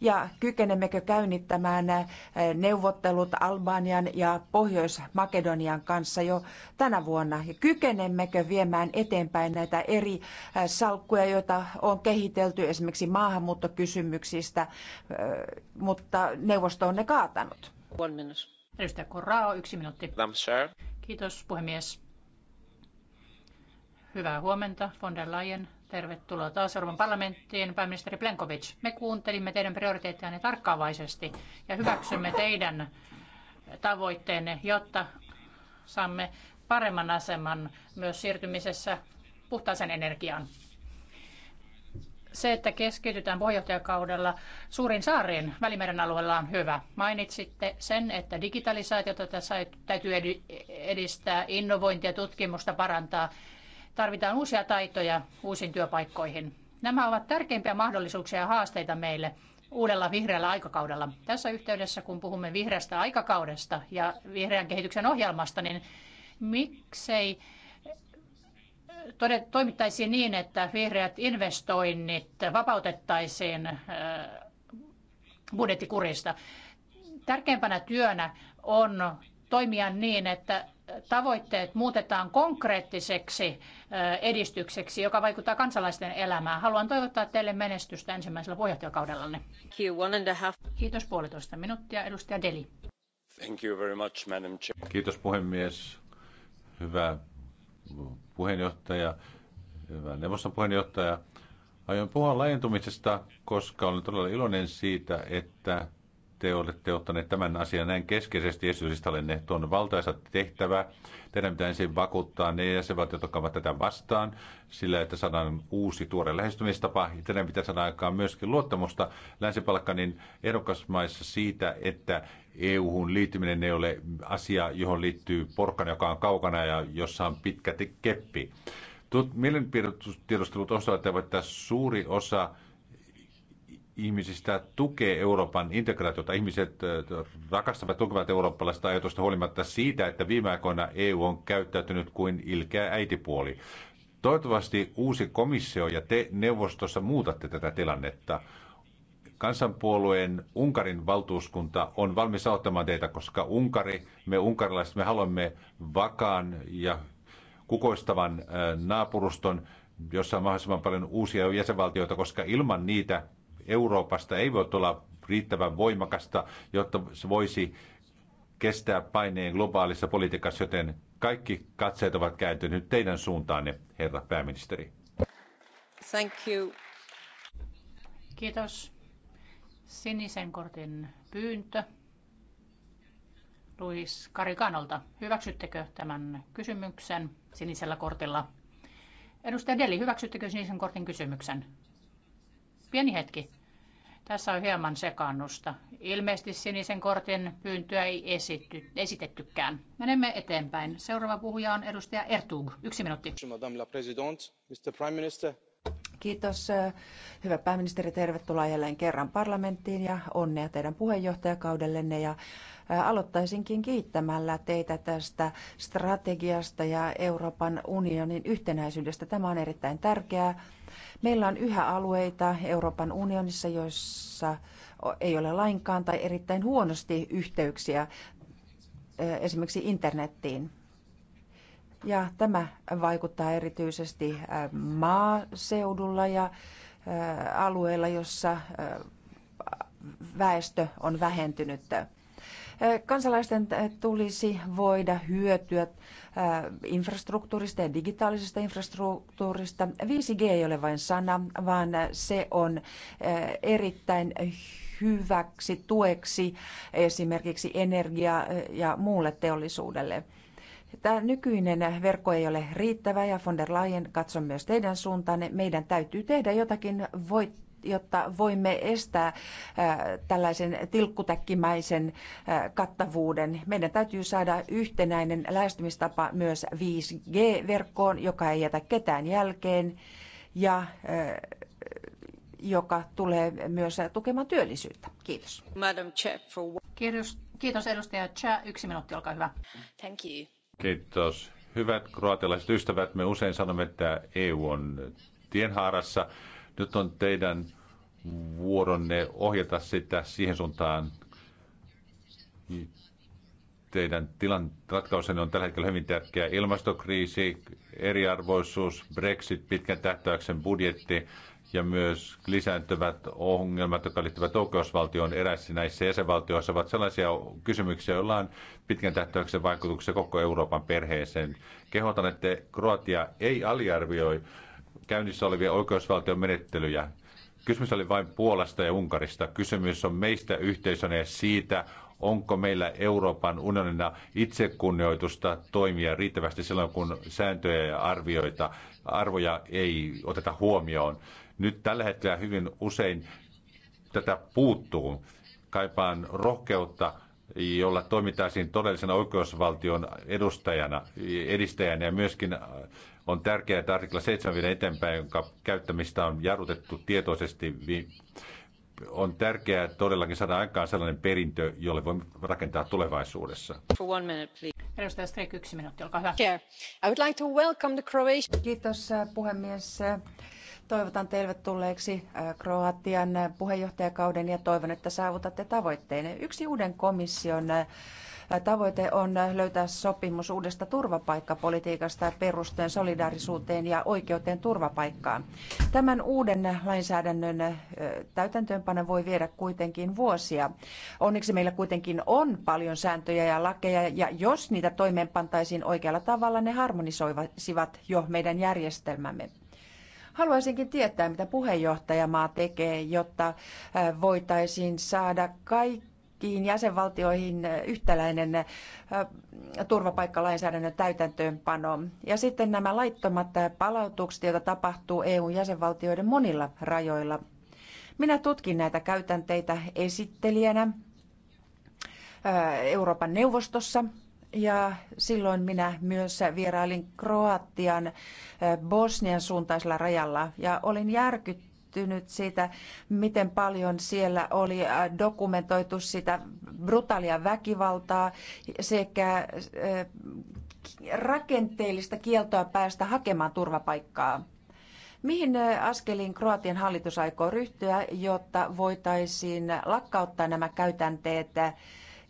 ja kykenemmekö käynnittämään eh, neuvottelut Albanian ja Pohjois-Makedonian kanssa jo tänä vuonna ja kykenemmekö viemään eteenpäin näitä eri eh, salkkuja, joita on kehitelty esimerkiksi maahanmuuttokysymyksistä, eh, mutta neuvosto on ne kaatanut. Edustaja Korrao, yksi minuutti. Kiitos puhemies. Hyvää huomenta, von der Leyen, Tervetuloa taas Euroopan parlamenttiin, pääministeri Plenkovic. Me kuuntelimme teidän prioriteettianne tarkkaavaisesti ja hyväksymme teidän tavoitteenne, jotta saamme paremman aseman myös siirtymisessä puhtaaseen energiaan. Se, että keskitytään puheenjohtajakaudella suurin saariin Välimeren alueella on hyvä. Mainitsitte sen, että digitalisaatiota tässä täytyy edistää, innovointia, tutkimusta parantaa tarvitaan uusia taitoja uusiin työpaikkoihin. Nämä ovat tärkeimpiä mahdollisuuksia ja haasteita meille uudella vihreällä aikakaudella. Tässä yhteydessä, kun puhumme vihreästä aikakaudesta ja vihreän kehityksen ohjelmasta, niin miksei toimittaisi niin, että vihreät investoinnit vapautettaisiin budjettikurista. Tärkeimpänä työnä on toimia niin, että tavoitteet muutetaan konkreettiseksi edistykseksi, joka vaikuttaa kansalaisten elämään. Haluan toivottaa teille menestystä ensimmäisellä puheenjohtajakaudellanne. Kiitos puolitoista minuuttia. Edustaja Deli. Thank you very much, Madam Chair. Kiitos puhemies. Hyvä puheenjohtaja, hyvä neuvoston puheenjohtaja. Aion puhua laajentumisesta, koska olen todella iloinen siitä, että te olette ottaneet tämän asian näin keskeisesti esityslistalleen. Tuo on valtaisa tehtävä. Teidän pitää ensin vakuuttaa ne jäsenvaltiot, jotka ovat tätä vastaan, sillä että saadaan uusi tuore lähestymistapa. Ja teidän pitää saada aikaan myöskin luottamusta Länsi-Balkanin ehdokasmaissa siitä, että EU-hun liittyminen ei ole asia, johon liittyy porkkana, joka on kaukana ja jossa on pitkä keppi. Mielenpiirustiedustelut osoittavat, että suuri osa ihmisistä tukee Euroopan integraatiota. Ihmiset rakastavat tukevat eurooppalaista ajatusta huolimatta siitä, että viime aikoina EU on käyttäytynyt kuin ilkeä äitipuoli. Toivottavasti uusi komissio ja te neuvostossa muutatte tätä tilannetta. Kansanpuolueen Unkarin valtuuskunta on valmis auttamaan teitä, koska Unkari, me unkarilaiset, me haluamme vakaan ja kukoistavan naapuruston, jossa on mahdollisimman paljon uusia jäsenvaltioita, koska ilman niitä Euroopasta ei voi olla riittävän voimakasta, jotta se voisi kestää paineen globaalissa politiikassa, joten kaikki katseet ovat kääntyneet teidän suuntaanne, herra pääministeri. Thank you. Kiitos. Sinisen kortin pyyntö. Luis Karikanolta. Hyväksyttekö tämän kysymyksen sinisellä kortilla? Edustaja Deli, hyväksyttekö sinisen kortin kysymyksen? Pieni hetki. Tässä on hieman sekannusta. Ilmeisesti sinisen kortin pyyntöä ei esitty, esitettykään. Menemme eteenpäin. Seuraava puhuja on edustaja Ertug. Yksi minuutti. Madame la Mr. Prime Minister. Kiitos. Eh, hyvä pääministeri, tervetuloa jälleen kerran parlamenttiin ja onnea teidän puheenjohtajakaudellenne ja Aloittaisinkin kiittämällä teitä tästä strategiasta ja Euroopan unionin yhtenäisyydestä. Tämä on erittäin tärkeää. Meillä on yhä alueita Euroopan unionissa, joissa ei ole lainkaan tai erittäin huonosti yhteyksiä esimerkiksi internettiin. Ja tämä vaikuttaa erityisesti maaseudulla ja alueilla, jossa väestö on vähentynyt. Kansalaisten tulisi voida hyötyä äh, infrastruktuurista ja digitaalisesta infrastruktuurista. 5G ei ole vain sana, vaan se on äh, erittäin hyväksi tueksi esimerkiksi energia- ja muulle teollisuudelle. Tämä nykyinen verkko ei ole riittävä ja von der Leyen, katson myös teidän suuntaanne. Meidän täytyy tehdä jotakin voittaa jotta voimme estää tällaisen tilkkutäkkimäisen kattavuuden. Meidän täytyy saada yhtenäinen lähestymistapa myös 5G-verkkoon, joka ei jätä ketään jälkeen ja joka tulee myös tukemaan työllisyyttä. Kiitos. Madam Chair, for... Kiitos, kiitos edustaja Cha. Yksi minuutti, olkaa hyvä. Thank you. Kiitos. Hyvät kroatialaiset ystävät, me usein sanomme, että EU on tienhaarassa. Nyt on teidän vuoronne ohjata sitä siihen suuntaan. Teidän tilan ratkaisenne on tällä hetkellä hyvin tärkeä. Ilmastokriisi, eriarvoisuus, Brexit, pitkän tähtäyksen budjetti ja myös lisääntyvät ongelmat, jotka liittyvät oikeusvaltioon eräissä näissä jäsenvaltioissa, ovat sellaisia kysymyksiä, joilla on pitkän tähtäyksen vaikutuksia koko Euroopan perheeseen. Kehotan, että Kroatia ei aliarvioi käynnissä olevia oikeusvaltion menettelyjä. Kysymys oli vain Puolasta ja Unkarista. Kysymys on meistä yhteisönä ja siitä, onko meillä Euroopan unionina itsekunnioitusta toimia riittävästi silloin, kun sääntöjä ja arvioita, arvoja ei oteta huomioon. Nyt tällä hetkellä hyvin usein tätä puuttuu. Kaipaan rohkeutta jolla toimittaisiin todellisena oikeusvaltion edustajana, edistäjänä ja myöskin on tärkeää, että artikla 7 eteenpäin, jonka käyttämistä on jarrutettu tietoisesti, on tärkeää todellakin saada aikaan sellainen perintö, jolle voimme rakentaa tulevaisuudessa. For one minute, please. Edustaja Strik, yksi minuutti, olkaa hyvä. Yeah. I would like to welcome the Croatia. Kiitos äh, puhemies. Toivotan tervetulleeksi äh, Kroatian puheenjohtajakauden ja toivon, että saavutatte tavoitteenne. Yksi uuden komission äh, Tavoite on löytää sopimus uudesta turvapaikkapolitiikasta perustuen solidaarisuuteen ja oikeuteen turvapaikkaan. Tämän uuden lainsäädännön täytäntöönpano voi viedä kuitenkin vuosia. Onneksi meillä kuitenkin on paljon sääntöjä ja lakeja, ja jos niitä toimeenpantaisiin oikealla tavalla, ne harmonisoisivat jo meidän järjestelmämme. Haluaisinkin tietää, mitä puheenjohtajamaa tekee, jotta voitaisiin saada kaikki kaikkiin jäsenvaltioihin yhtäläinen turvapaikkalainsäädännön täytäntöönpano. Ja sitten nämä laittomat palautukset, joita tapahtuu EU:n jäsenvaltioiden monilla rajoilla. Minä tutkin näitä käytänteitä esittelijänä Euroopan neuvostossa ja silloin minä myös vierailin Kroatian Bosnian suuntaisella rajalla ja olin järkyttynyt yllättynyt siitä, miten paljon siellä oli äh, dokumentoitu sitä brutaalia väkivaltaa sekä äh, rakenteellista kieltoa päästä hakemaan turvapaikkaa. Mihin äh, askeliin Kroatian hallitus aikoo ryhtyä, jotta voitaisiin lakkauttaa nämä käytänteet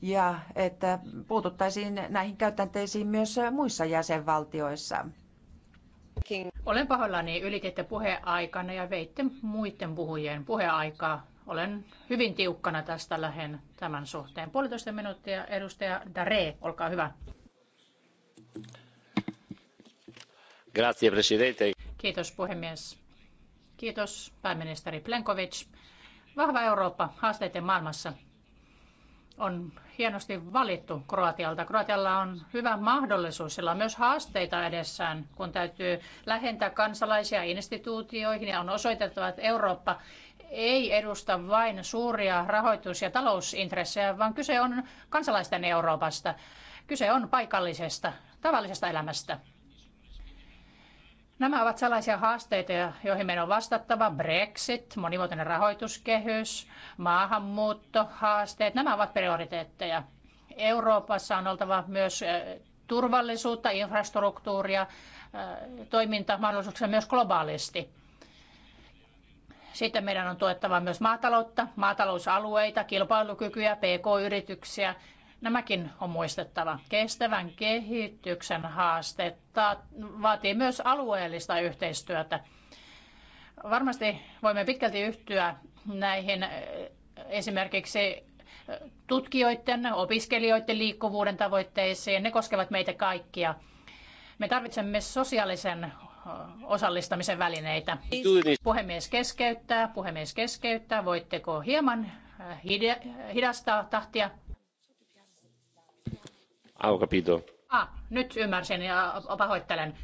ja että puututtaisiin näihin käytänteisiin myös muissa jäsenvaltioissa? Olen pahoillani, ylititte puheaikana ja veitte muiden puhujien puheaikaa. Olen hyvin tiukkana tästä lähen tämän suhteen. Puolitoista minuuttia, edustaja Dare, olkaa hyvä. Grazie, presidente. Kiitos puhemies. Kiitos pääministeri Plenkovic. Vahva Eurooppa haasteiden maailmassa on hienosti valittu Kroatialta. Kroatialla on hyvä mahdollisuus, sillä on myös haasteita edessään, kun täytyy lähentää kansalaisia instituutioihin ja on osoitettava, että Eurooppa ei edusta vain suuria rahoitus- ja talousintressejä, vaan kyse on kansalaisten Euroopasta. Kyse on paikallisesta, tavallisesta elämästä. Nämä ovat sellaisia haasteita, joihin meidän on vastattava. Brexit, monivuotinen rahoituskehys, maahanmuutto, haasteet, nämä ovat prioriteetteja. Euroopassa on oltava myös turvallisuutta, infrastruktuuria, toimintamahdollisuuksia myös globaalisti. Sitten meidän on tuettava myös maataloutta, maatalousalueita, kilpailukykyä, pk-yrityksiä Nämäkin on muistettava. Kestävän kehityksen haaste vaatii myös alueellista yhteistyötä. Varmasti voimme pitkälti yhtyä näihin eh, esimerkiksi eh, tutkijoiden, opiskelijoiden liikkuvuuden tavoitteisiin. Ne koskevat meitä kaikkia. Me tarvitsemme sosiaalisen eh, osallistamisen välineitä. Puhemies keskeyttää, puhemies keskeyttää. Voitteko hieman hidastaa tahtia? Ho capito. Ah, nyt ymmärsin ja pahoittelen.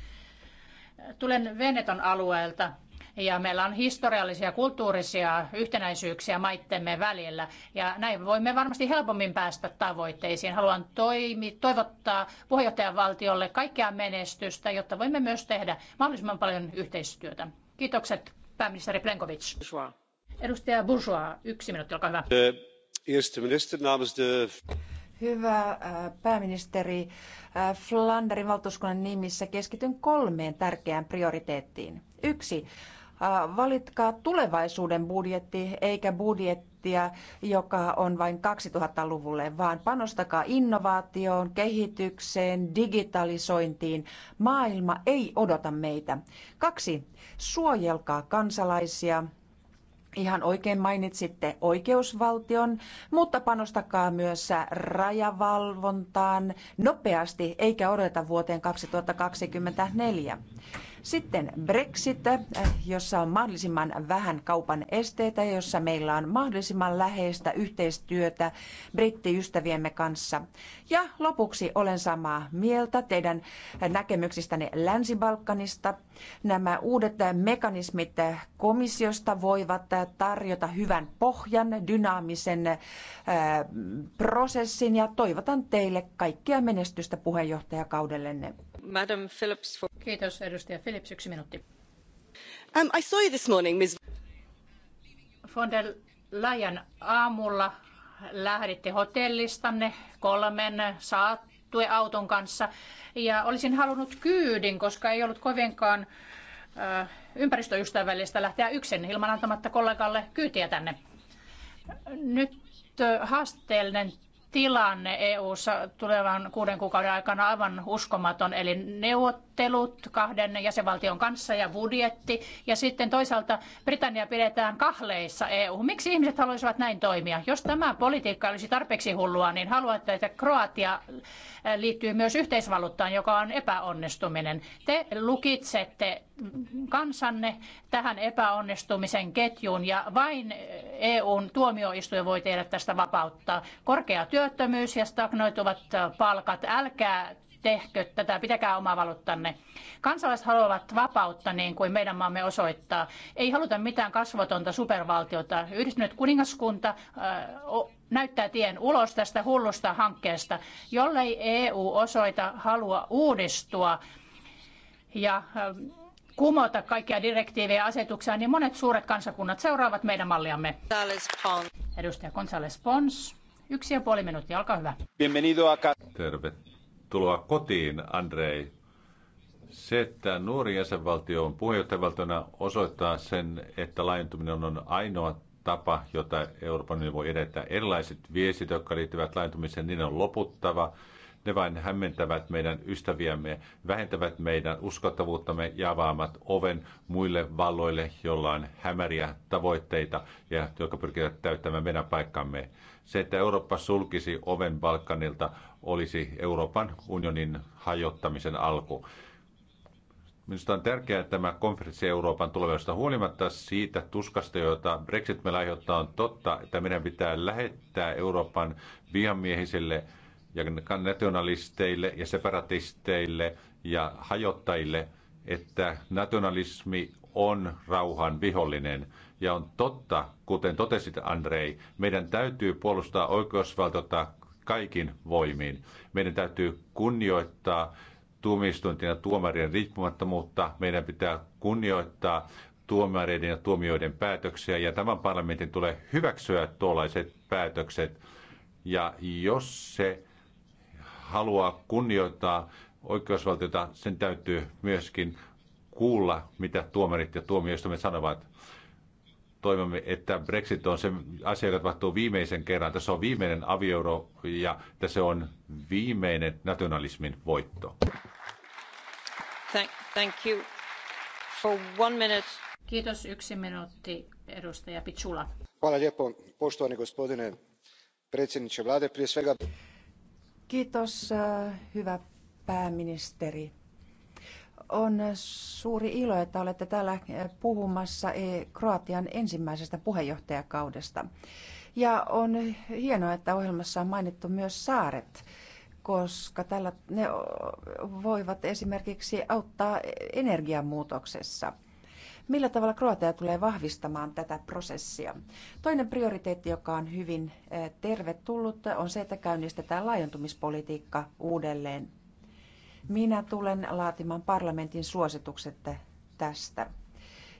Tulen Veneton alueelta ja meillä on historiallisia kulttuurisia yhtenäisyyksiä maittemme välillä ja näin voimme varmasti helpommin päästä tavoitteisiin. Haluan toimi, toivottaa puheenjohtajavaltiolle kaikkea menestystä, jotta voimme myös tehdä mahdollisimman paljon yhteistyötä. Kiitokset pääministeri Plenkovic. Edustaja Bourgeois, yksi minuutti, olkaa hyvä. eerste minister namens de Hyvä äh, pääministeri, äh, Flanderin valtuuskunnan nimissä keskityn kolmeen tärkeään prioriteettiin. Yksi, äh, valitkaa tulevaisuuden budjetti eikä budjettia, joka on vain 2000-luvulle, vaan panostakaa innovaatioon, kehitykseen, digitalisointiin. Maailma ei odota meitä. Kaksi, suojelkaa kansalaisia Ihan oikein mainitsitte oikeusvaltion, mutta panostakaa myös rajavalvontaan nopeasti, eikä odota vuoteen 2024. Sitten Brexit, jossa on mahdollisimman vähän kaupan esteitä ja jossa meillä on mahdollisimman läheistä yhteistyötä brittiystäviemme kanssa. Ja lopuksi olen samaa mieltä teidän näkemyksistänne Länsi-Balkanista. Nämä uudet mekanismit komissiosta voivat tarjota hyvän pohjan, dynaamisen äh, prosessin ja toivotan teille kaikkea menestystä puheenjohtajakaudellenne. Madam Phillips. Kiitos edustaja Phillips. Philips, yksi minuutti. Um, I saw you this morning, Ms. Von der Leyen aamulla lähditte hotellistanne kolmen saattueauton kanssa ja olisin halunnut kyydin, koska ei ollut kovinkaan äh, ympäristöystävällistä lähteä yksin ilman antamatta kollegalle kyytiä tänne. Nyt haasteellinen tilanne EU-ssa tulevan kuuden kuukauden aikana aivan uskomaton, eli neuvottelut kahden jäsenvaltion kanssa ja budjetti, ja sitten toisaalta Britannia pidetään kahleissa EU. Miksi ihmiset haluaisivat näin toimia? Jos tämä politiikka olisi tarpeeksi hullua, niin haluatte, että Kroatia äh, liittyy myös yhteisvaluuttaan, joka on epäonnistuminen. Te lukitsette kansanne tähän epäonnistumisen ketjuun ja vain EUn tuomioistuin voi teidät tästä vapauttaa. Korkea työttömyys ja stagnoituvat palkat, älkää tehkö tätä, pitäkää oma valuuttanne. Kansalaiset haluavat vapautta niin kuin meidän maamme osoittaa. Ei haluta mitään kasvotonta supervaltiota. Yhdistynyt kuningaskunta näyttää tien ulos tästä hullusta hankkeesta, jollei EU osoita halua uudistua ja kumota kaikkia direktiivejä ja asetuksia, niin monet suuret kansakunnat seuraavat meidän malliamme. Edustaja Gonzales Pons, yksi ja puoli minuuttia, olkaa hyvä. Tervetuloa kotiin, Andrei. Se, että nuori jäsenvaltio on puheenjohtajavaltiona, osoittaa sen, että laajentuminen on ainoa tapa, jota Euroopan unioni voi edetä. Erilaiset viestit, jotka liittyvät laajentumiseen, niin on loputtava – ne vain hämmentävät meidän ystäviämme, vähentävät meidän uskottavuuttamme ja avaamat oven muille valloille, joilla on hämäriä tavoitteita ja jotka pyrkivät täyttämään meidän paikkamme. Se, että Eurooppa sulkisi oven Balkanilta, olisi Euroopan unionin hajottamisen alku. Minusta on tärkeää tämä konferenssi Euroopan tulevaisuudesta huolimatta siitä tuskasta, jota Brexit meillä aiheuttaa, on totta, että meidän pitää lähettää Euroopan vihamiehisille ja nationalisteille ja separatisteille ja hajottajille, että nationalismi on rauhan vihollinen. Ja on totta, kuten totesit Andrei, meidän täytyy puolustaa oikeusvaltiota kaikin voimin. Meidän täytyy kunnioittaa tuomioistuinten ja tuomarien riippumattomuutta. Meidän pitää kunnioittaa tuomareiden ja tuomioiden päätöksiä, ja tämän parlamentin tulee hyväksyä tuollaiset päätökset. Ja jos se haluaa kunnioittaa oikeusvaltiota, sen täytyy myöskin kuulla, mitä tuomarit ja tuomioistuimet sanovat. Toivomme, että Brexit on se asia, joka tapahtuu viimeisen kerran. Tässä on viimeinen avioero ja tässä on viimeinen nationalismin voitto. Thank, thank you. For one minute. Kiitos. Yksi minuutti, edustaja Pitsula. Hvala lijepo, poštovani gospodine predsjedniče vlade. Prije svega... Kiitos, äh, hyvä pääministeri. On suuri ilo, että olette täällä äh, puhumassa äh, Kroatian ensimmäisestä puheenjohtajakaudesta. Ja on hienoa, että ohjelmassa on mainittu myös saaret, koska tällä ne voivat esimerkiksi auttaa e-, energiamuutoksessa – Millä tavalla Kroatia tulee vahvistamaan tätä prosessia? Toinen prioriteetti, joka on hyvin eh, tervetullut, on se, että käynnistetään laajentumispolitiikka uudelleen. Minä tulen laatimaan parlamentin suositukset tästä.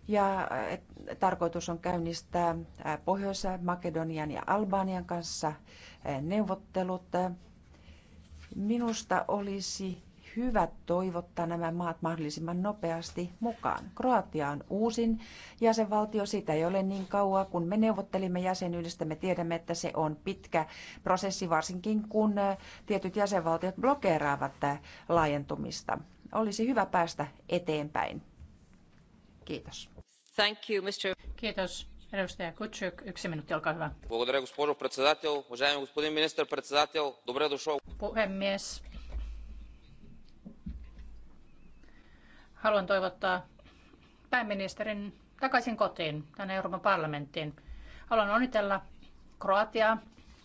Ja eh, tarkoitus on käynnistää eh, Pohjois-Makedonian ja Albanian kanssa neuvottelut. Minusta olisi hyvä toivottaa nämä maat mahdollisimman nopeasti mukaan. Kroatia on uusin jäsenvaltio, siitä ei ole niin kauan. Kun me neuvottelimme jäsenyydestä, me tiedämme, että se on pitkä prosessi, varsinkin kun eh, tietyt jäsenvaltiot blokeeraavat eh, laajentumista. Olisi hyvä päästä eteenpäin. Kiitos. Thank you, Mr. Kiitos. Edustaja Kutsuk, yksi minuutti, olkaa hyvä. Puhemies, Haluan toivottaa pääministerin takaisin kotiin tänne Euroopan parlamenttiin. Haluan onnitella Kroatiaa,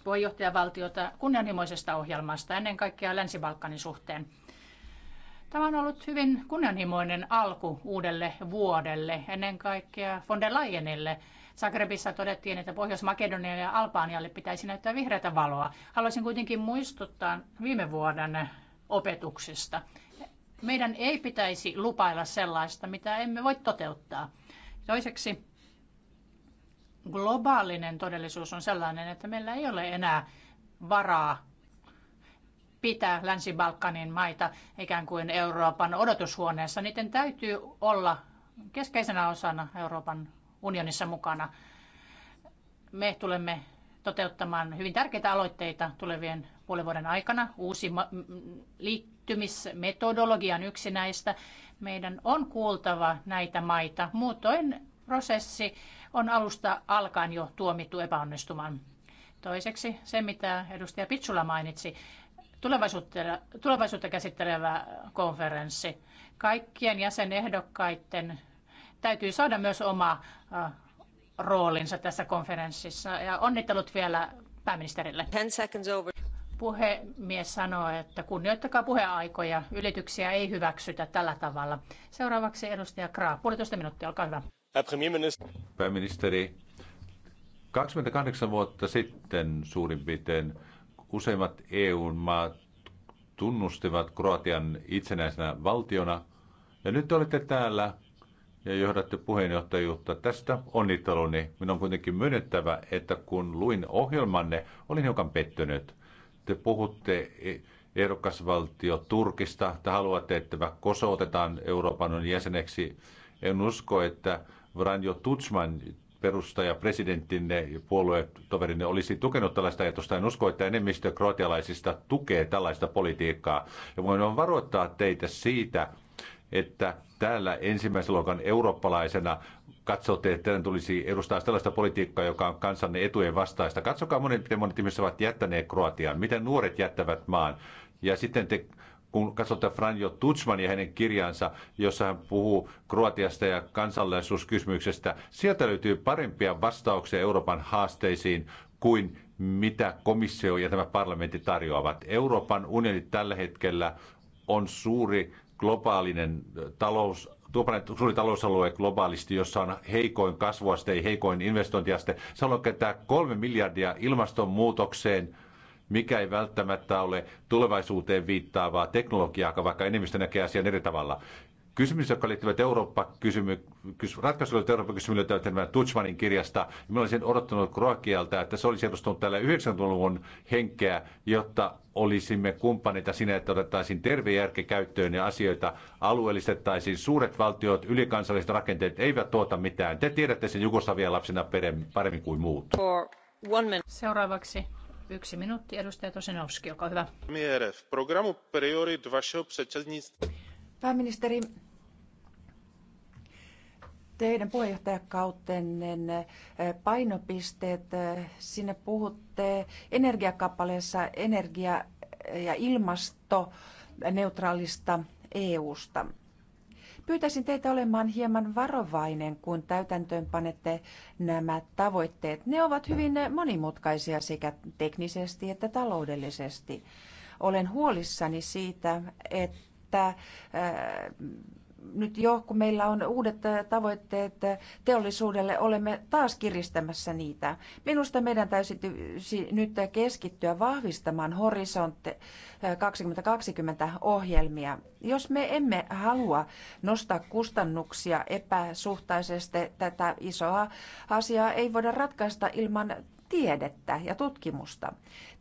puheenjohtajavaltiota kunnianhimoisesta ohjelmasta ennen kaikkea Länsi-Balkanin suhteen. Tämä on ollut hyvin kunnianhimoinen alku uudelle vuodelle, ennen kaikkea von der Leyenille. Zagrebissa todettiin, että Pohjois-Makedonialle ja Albaanialle pitäisi näyttää vihreätä valoa. Haluaisin kuitenkin muistuttaa viime vuoden opetuksista. Meidän ei pitäisi lupailla sellaista, mitä emme voi toteuttaa. Toiseksi globaalinen todellisuus on sellainen, että meillä ei ole enää varaa pitää Länsi-Balkanin maita ikään kuin Euroopan odotushuoneessa. Niiden täytyy olla keskeisenä osana Euroopan unionissa mukana. Me tulemme toteuttamaan hyvin tärkeitä aloitteita tulevien puolen vuoden aikana. Uusi liikkeelle keskittymismetodologian yksi näistä. Meidän on kuultava näitä maita, muutoin prosessi on alusta alkaen jo tuomittu epäonnistumaan. Toiseksi se, mitä edustaja Pitsula mainitsi, tulevaisuutta, tulevaisuutta käsittelevä konferenssi. Kaikkien jäsenehdokkaiden täytyy saada myös oma roolinsa tässä konferenssissa. Ja onnittelut vielä pääministerille. Puhemies sanoo, että kunnioittakaa puheaikoja. Ylityksiä ei hyväksytä tällä tavalla. Seuraavaksi edustaja Kraa. Puolitoista minuuttia, olkaa hyvä. Pääministeri, 28 vuotta sitten suurin piirtein useimmat EU-maat tunnustivat Kroatian itsenäisenä valtiona. Ja nyt olette täällä ja johdatte puheenjohtajuutta. Tästä onnitteluni. Minun on kuitenkin myönnettävä, että kun luin ohjelmanne, olin hiukan pettynyt – te puhutte e, ehdokasvaltio Turkista, te haluatte, että Kosovo otetaan Euroopan jäseneksi. En usko, että Vranjo Tutsman perustaja, presidenttinne ja puoluetoverinne olisi tukenut tällaista ajatusta. En usko, että enemmistö kroatialaisista tukee tällaista politiikkaa. Ja voin varoittaa teitä siitä, että täällä ensimmäisen luokan eurooppalaisena katsotte, että teidän tulisi edustaa sellaista politiikkaa, joka on kansanne etujen vastaista. Katsokaa monet, miten monet ihmiset ovat jättäneet Kroatian, miten nuoret jättävät maan. Ja sitten te kun katsotaan Franjo Tutsman ja hänen kirjansa, jossa hän puhuu Kroatiasta ja kansallisuuskysymyksestä, sieltä löytyy parempia vastauksia Euroopan haasteisiin kuin mitä komissio ja tämä parlamentti tarjoavat. Euroopan unioni tällä hetkellä on suuri globaalinen talous, suuri talousalue globaalisti, jossa on heikoin kasvuaste heikoin investointiaste. Se haluaa käyttää kolme miljardia ilmastonmuutokseen, mikä ei välttämättä ole tulevaisuuteen viittaavaa teknologiaa, vaikka enemmistö näkee asian eri tavalla kysymys, jotka liittyvät Eurooppa-kysymyksiin, ratkaisuivat Eurooppa-kysymyksiin löytävät tämän Tutsmanin kirjasta. Minä olisin odottanut Kroatialta, että se olisi edustanut täällä 90-luvun henkeä, jotta olisimme kumppaneita siinä, että otettaisiin terve käyttöön ja asioita alueellistettaisiin. Suuret valtiot, ylikansalliset rakenteet eivät tuota mitään. Te tiedätte sen Jugoslavian lapsena paremmin kuin muut. Seuraavaksi yksi minuutti. Edustaja Tosinovski, olkaa hyvä. Pääministeri, teidän puheenjohtajakautenne eh, painopisteet. Eh, sinne puhutte energiakappaleessa energia- eh, ja ilmastoneutraalista EU-sta. Pyytäisin teitä olemaan hieman varovainen, kun täytäntöön panette nämä tavoitteet. Ne ovat hyvin monimutkaisia sekä teknisesti että taloudellisesti. Olen huolissani siitä, että että nyt jo, kun meillä on uudet tavoitteet teollisuudelle, olemme taas kiristämässä niitä. Minusta meidän täytyisi nyt keskittyä vahvistamaan horisontte 2020 ohjelmia. Jos me emme halua nostaa kustannuksia epäsuhtaisesti, tätä isoa asiaa ei voida ratkaista ilman tiedettä ja tutkimusta.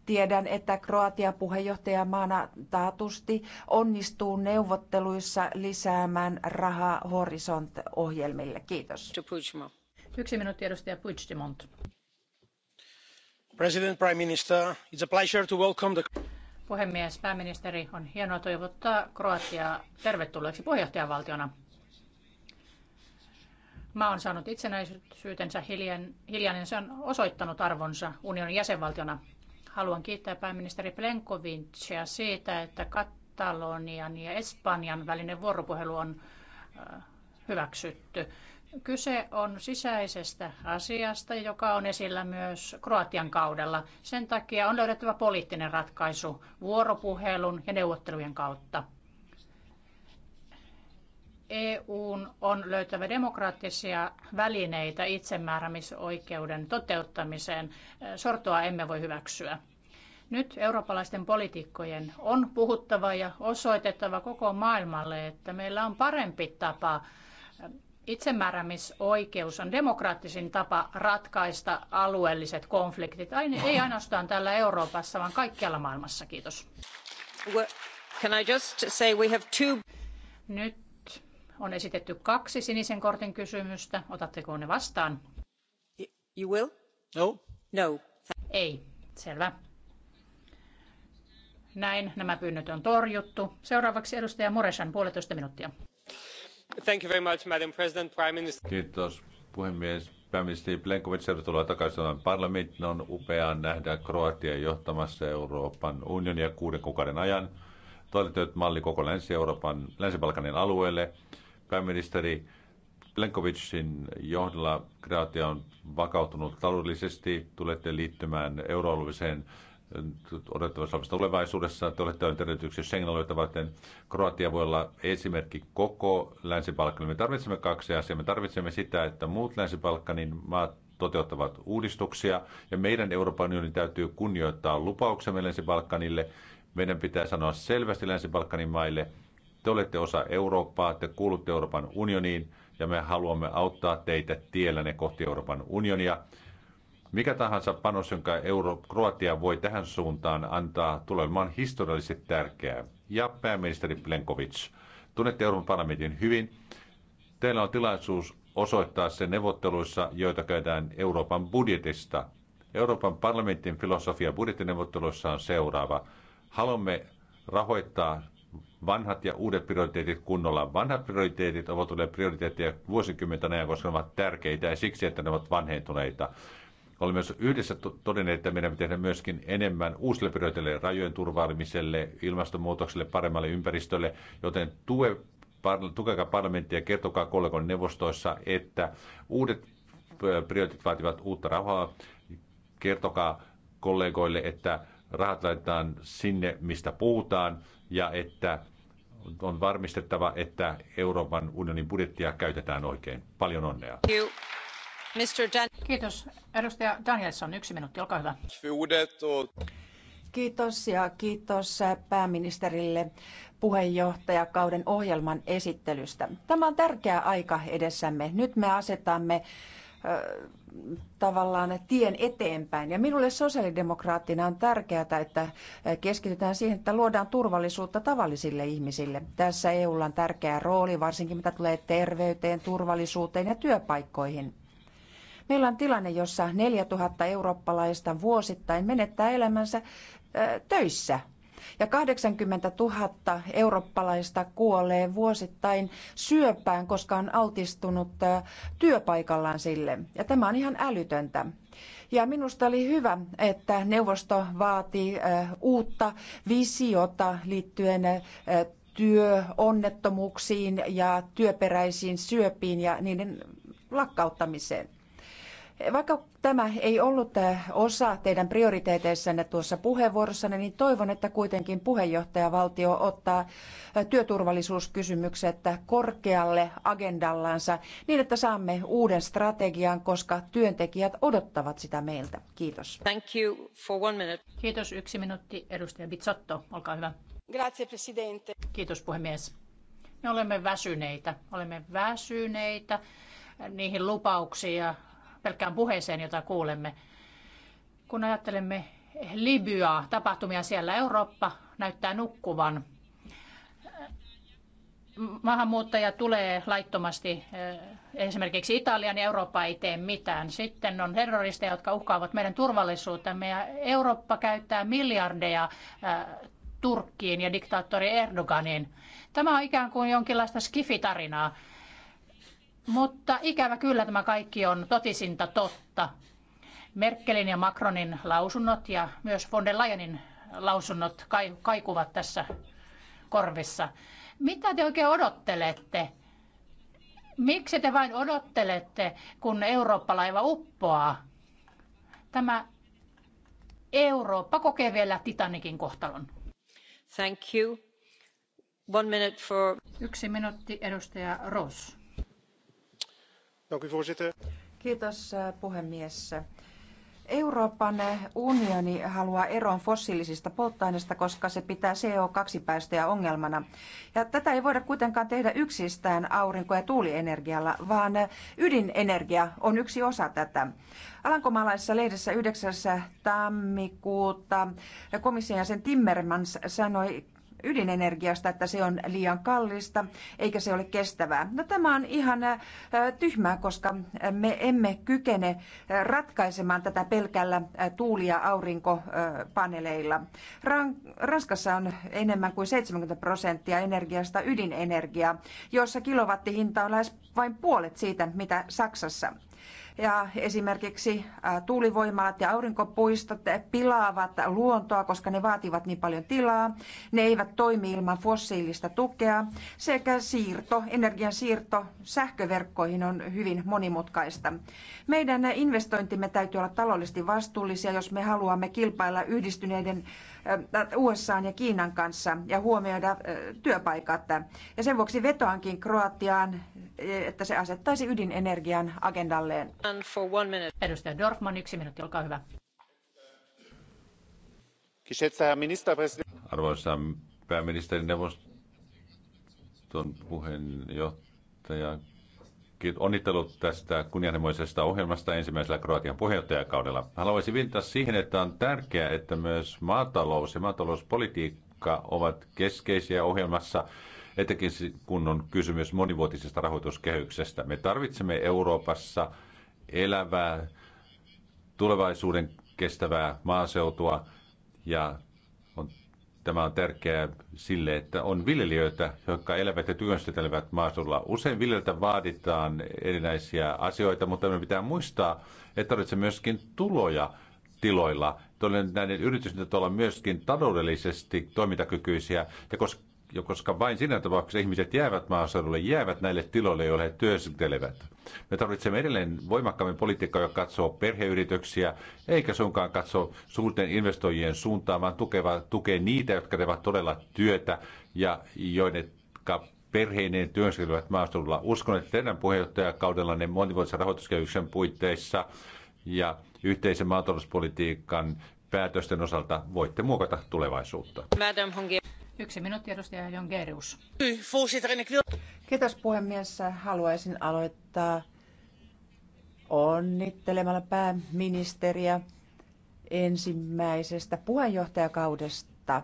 Tiedän, että Kroatia puheenjohtajamaana taatusti onnistuu neuvotteluissa lisäämään rahaa horizont ohjelmille Kiitos. Yksi minuutti edustaja Puigdemont. President, Prime Minister, it's a pleasure to welcome the... Puhemies, pääministeri, on hienoa toivottaa Kroatiaa tervetulleeksi puheenjohtajavaltiona. Maa on saanut itsenäisyytensä hiljainen, se on osoittanut arvonsa unionin jäsenvaltiona. Haluan kiittää pääministeri Plenkovicia siitä, että Katalonian ja Espanjan välinen vuoropuhelu on hyväksytty. Kyse on sisäisestä asiasta, joka on esillä myös Kroatian kaudella. Sen takia on löydettävä poliittinen ratkaisu vuoropuhelun ja neuvottelujen kautta. EUn on löytävä demokraattisia välineitä itsemääräämisoikeuden toteuttamiseen. Sortoa emme voi hyväksyä. Nyt eurooppalaisten poliitikkojen on puhuttava ja osoitettava koko maailmalle, että meillä on parempi tapa. Itsemääräämisoikeus on demokraattisin tapa ratkaista alueelliset konfliktit, niin, ei ainoastaan täällä Euroopassa, vaan kaikkialla maailmassa. Kiitos. Can I just say we have two... Nyt on esitetty kaksi sinisen kortin kysymystä. Otatteko ne vastaan? You will? No. No. Ei. Selvä. Näin nämä pyynnöt on torjuttu. Seuraavaksi edustaja Moreshan puolitoista minuuttia. Thank you very much, Madam President, Prime Minister. Kiitos, puhemies. Pääministeri Plenkovic, tervetuloa takaisin parlamenttiin. On upeaa nähdä Kroatia johtamassa Euroopan unionia kuuden kuukauden ajan. Toivottavasti malli koko Länsi-Euroopan, Länsi-Balkanin alueelle. Pääministeri Plenkovicin johdolla Kreatia on vakautunut taloudellisesti. Tulette liittymään euroalueeseen äh, odottavassa tulevaisuudessa. Te olette olleet edellytyksiä schengen varten. Kroatia voi olla esimerkki koko länsi -Balkanin. Me tarvitsemme kaksi asiaa. Me tarvitsemme sitä, että muut länsi maat toteuttavat uudistuksia, ja meidän Euroopan unionin täytyy kunnioittaa lupauksemme Länsi-Balkanille. Meidän pitää sanoa selvästi länsi maille, te olette osa Eurooppaa, te kuulutte Euroopan unioniin ja me haluamme auttaa teitä tiellänne kohti Euroopan unionia. Mikä tahansa panos, jonka Euro- Kroatia voi tähän suuntaan antaa, tulee olemaan historiallisesti tärkeää. Ja pääministeri Plenkovic, tunnette Euroopan parlamentin hyvin. Teillä on tilaisuus osoittaa se neuvotteluissa, joita käydään Euroopan budjetista. Euroopan parlamentin filosofia budjettineuvotteluissa on seuraava. Haluamme rahoittaa vanhat ja uudet prioriteetit kunnolla. Vanhat prioriteetit ovat olleet prioriteetteja vuosikymmenten ajan, koska ne ovat tärkeitä ja siksi, että ne ovat vanhentuneita. Olemme myös yhdessä todenneet, että meidän pitää tehdä myöskin enemmän uusille prioriteille, rajojen turvaamiselle, ilmastonmuutokselle, paremmalle ympäristölle, joten tue, tukekaa parlamenttia ja kertokaa kollegon neuvostoissa, että uudet prioriteetit vaativat uutta rahaa. Kertokaa kollegoille, että rahat laitetaan sinne, mistä puhutaan ja että on varmistettava, että Euroopan unionin budjettia käytetään oikein. Paljon onnea. Kiitos. Edustaja Danielson, yksi minuutti, olkaa hyvä. Kiitos ja kiitos pääministerille puheenjohtajakauden ohjelman esittelystä. Tämä on tärkeä aika edessämme. Nyt me asetamme tavallaan tien eteenpäin. Ja minulle sosiaalidemokraattina on tärkeää, että keskitytään siihen, että luodaan turvallisuutta tavallisille ihmisille. Tässä EUlla on tärkeä rooli, varsinkin mitä tulee terveyteen, turvallisuuteen ja työpaikkoihin. Meillä on tilanne, jossa 4000 eurooppalaista vuosittain menettää elämänsä töissä ja 80 000 eurooppalaista kuolee vuosittain syöpään, koska on altistunut työpaikallaan sille. Ja tämä on ihan älytöntä. Ja minusta oli hyvä, että neuvosto vaati uutta visiota liittyen työonnettomuuksiin ja työperäisiin syöpiin ja niiden lakkauttamiseen. Vaikka tämä ei ollut eh, osa teidän prioriteeteissanne tuossa puheenvuorossanne, niin toivon, että kuitenkin puheenjohtajavaltio ottaa eh, työturvallisuuskysymykset korkealle agendallansa niin, että saamme uuden strategian, koska työntekijät odottavat sitä meiltä. Kiitos. Thank you for one minute. Kiitos. Yksi minuutti. Edustaja Bizzotto, olkaa hyvä. Grazie, presidente. Kiitos puhemies. Me olemme väsyneitä. Olemme väsyneitä niihin lupauksiin ja pelkkään puheeseen, jota kuulemme. Kun ajattelemme Libyaa, tapahtumia siellä Eurooppa näyttää nukkuvan. Maahanmuuttaja tulee laittomasti eh, esimerkiksi Italian ja Eurooppa ei tee mitään. Sitten on terroristeja, jotka uhkaavat meidän turvallisuuttamme ja Eurooppa käyttää miljardeja eh, Turkkiin ja diktaattori Erdoganiin. Tämä on ikään kuin jonkinlaista skifitarinaa. tarinaa mutta ikävä kyllä tämä kaikki on totisinta totta. Merkelin ja Macronin lausunnot ja myös von der Leyenin lausunnot kaikuvat tässä korvissa. Mitä te oikein odottelette? Miksi te vain odottelette, kun Eurooppa-laiva uppoaa? Tämä Eurooppa kokee vielä Titanikin kohtalon. Thank you. One minute for... Yksi minuutti, edustaja Ross Kiitos eh, puhemies. Euroopan unioni haluaa eroon fossiilisista polttoaineista, koska se pitää CO2-päästöjä ongelmana. Ja tätä ei voida kuitenkaan tehdä yksistään aurinko- ja tuulienergialla, vaan ydinenergia on yksi osa tätä. Alankomaalaisessa lehdessä 9. tammikuuta komission jäsen Timmermans sanoi ydinenergiasta, että se on liian kallista eikä se ole kestävää. No tämä on ihan äh, tyhmää, koska me emme kykene äh, ratkaisemaan tätä pelkällä äh, tuuli- ja aurinkopaneeleilla. Ranskassa on enemmän kuin 70 prosenttia energiasta ydinenergiaa, jossa kilowattihinta on lähes vain puolet siitä, mitä Saksassa. Ja esimerkiksi äh, tuulivoimalat ja aurinkopuistot pilaavat luontoa, koska ne vaativat niin paljon tilaa. Ne eivät toimi ilman fossiilista tukea. Sekä siirto, energian siirto sähköverkkoihin on hyvin monimutkaista. Meidän investointimme täytyy olla taloudellisesti vastuullisia, jos me haluamme kilpailla yhdistyneiden USA ja Kiinan kanssa ja huomioida työpaikat. Ja sen vuoksi vetoankin Kroatiaan, että se asettaisi ydinenergian agendalleen. Edustaja Dorfman, yksi minuutti, olkaa hyvä. Arvoisa pääministeri neuvoston puheenjohtaja, onnittelut tästä kunnianhimoisesta ohjelmasta ensimmäisellä Kroatian puheenjohtajakaudella. Haluaisin viitata siihen, että on tärkeää, että myös maatalous ja maatalouspolitiikka ovat keskeisiä ohjelmassa, etenkin kun on kysymys monivuotisesta rahoituskehyksestä. Me tarvitsemme Euroopassa elävää, tulevaisuuden kestävää maaseutua ja Tämä on tärkeää sille, että on viljelijöitä, jotka elävät ja työskentelevät maaseudulla. Usein viljeltä vaaditaan erinäisiä asioita, mutta meidän pitää muistaa, että tarvitsee myöskin tuloja tiloilla. Näiden yritysten olla myöskin taloudellisesti toimintakykyisiä. Ja koska ja koska vain siinä tapauksessa ihmiset jäävät maaseudulle, jäävät näille tiloille, joille he työskentelevät. Me tarvitsemme edelleen voimakkaammin politiikkaa, joka katsoo perheyrityksiä, eikä suinkaan katso suurten investoijien suuntaan, vaan tukeva, tukee niitä, jotka tekevät todella työtä ja joiden perheineen työskentelevät maaseudulla. Uskon, että teidän ne monivuotisen rahoituskehyksen puitteissa ja yhteisen maatalouspolitiikan päätösten osalta voitte muokata tulevaisuutta. Madam Yksi minuutti edustaja Jongerius. Kiitos puhemies. Haluaisin aloittaa onnittelemalla pääministeriä ensimmäisestä puheenjohtajakaudesta.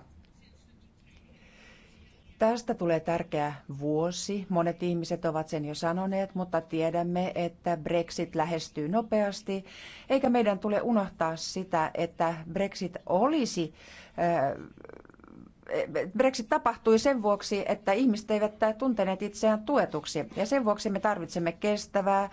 Tästä tulee tärkeä vuosi. Monet ihmiset ovat sen jo sanoneet, mutta tiedämme, että Brexit lähestyy nopeasti. Eikä meidän tule unohtaa sitä, että Brexit olisi äh, Brexit tapahtui sen vuoksi, että ihmiset eivät tunteneet itseään tuetuksi. Ja sen vuoksi me tarvitsemme kestävää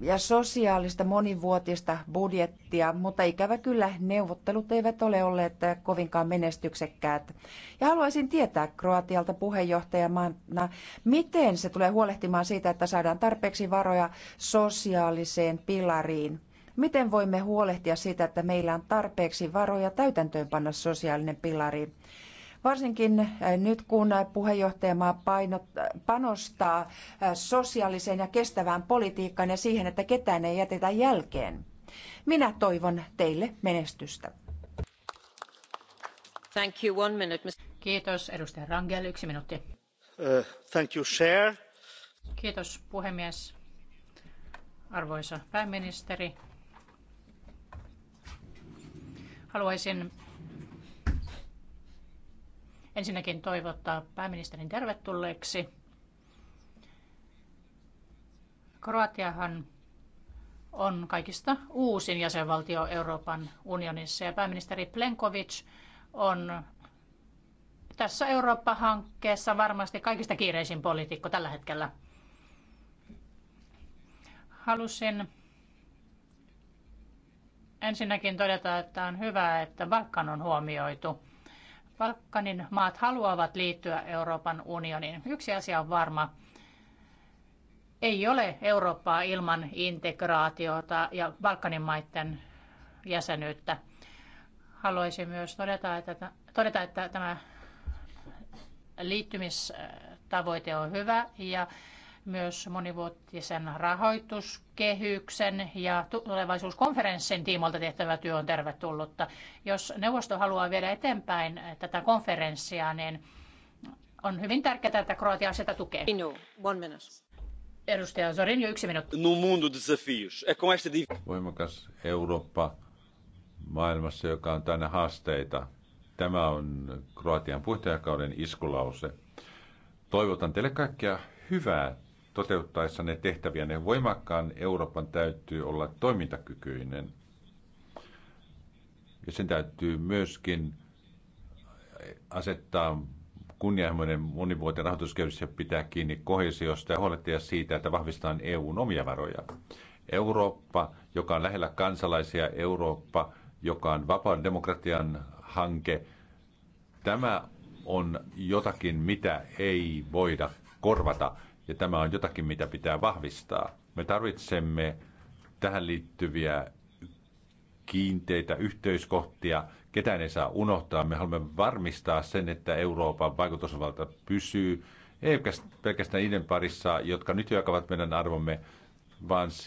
ja sosiaalista monivuotista budjettia, mutta ikävä kyllä neuvottelut eivät ole olleet kovinkaan menestyksekkäät. Ja haluaisin tietää Kroatialta puheenjohtajamaana, miten se tulee huolehtimaan siitä, että saadaan tarpeeksi varoja sosiaaliseen pilariin Miten voimme huolehtia siitä, että meillä on tarpeeksi varoja täytäntöönpanna sosiaalinen pilari? Varsinkin äh, nyt kun puheenjohtajamaa panostaa äh, sosiaaliseen ja kestävään politiikkaan ja siihen, että ketään ei jätetä jälkeen. Minä toivon teille menestystä. Thank you. One minute. Kiitos. Edustaja Rangel, yksi minuutti. Uh, thank you, Chair. Kiitos puhemies. Arvoisa pääministeri, Haluaisin ensinnäkin toivottaa pääministerin tervetulleeksi. Kroatiahan on kaikista uusin jäsenvaltio Euroopan unionissa ja pääministeri Plenkovic on tässä Eurooppa-hankkeessa varmasti kaikista kiireisin poliitikko tällä hetkellä. Halusin ensinnäkin todeta, että on hyvä, että Balkan on huomioitu. Balkanin maat haluavat liittyä Euroopan unioniin. Yksi asia on varma. Ei ole Eurooppaa ilman integraatiota ja Balkanin maiden jäsenyyttä. Haluaisin myös todeta, että, todeta, että tämä liittymistavoite on hyvä ja myös monivuotisen rahoituskehyksen ja tulevaisuuskonferenssin tiimoilta tehtävä työ on tervetullutta. Jos neuvosto haluaa viedä eteenpäin tätä konferenssia, niin on hyvin tärkeää, että Kroatia sitä tukee. Edustaja Zorin, jo yksi minuutti. No mundo desafios. É com esta... Voimakas Eurooppa maailmassa, joka on täynnä haasteita. Tämä on Kroatian puheenjohtajakauden iskulause. Toivotan teille kaikkia hyvää Toteuttaessa ne tehtäviä ne voimakkaan Euroopan täytyy olla toimintakykyinen. Ja sen täytyy myöskin asettaa kunnianhimoinen monivuotinen rahoituskehys ja pitää kiinni kohesiosta ja huolehtia siitä, että vahvistetaan EUn omia varoja. Eurooppa, joka on lähellä kansalaisia, Eurooppa, joka on vapaan demokratian hanke, tämä on jotakin, mitä ei voida korvata ja tämä on jotakin, mitä pitää vahvistaa. Me tarvitsemme tähän liittyviä kiinteitä yhteiskohtia. Ketään ei saa unohtaa. Me haluamme varmistaa sen, että Euroopan vaikutusvalta pysyy, ei pelkästään niiden parissa, jotka nyt jakavat meidän arvomme, vaan siitä,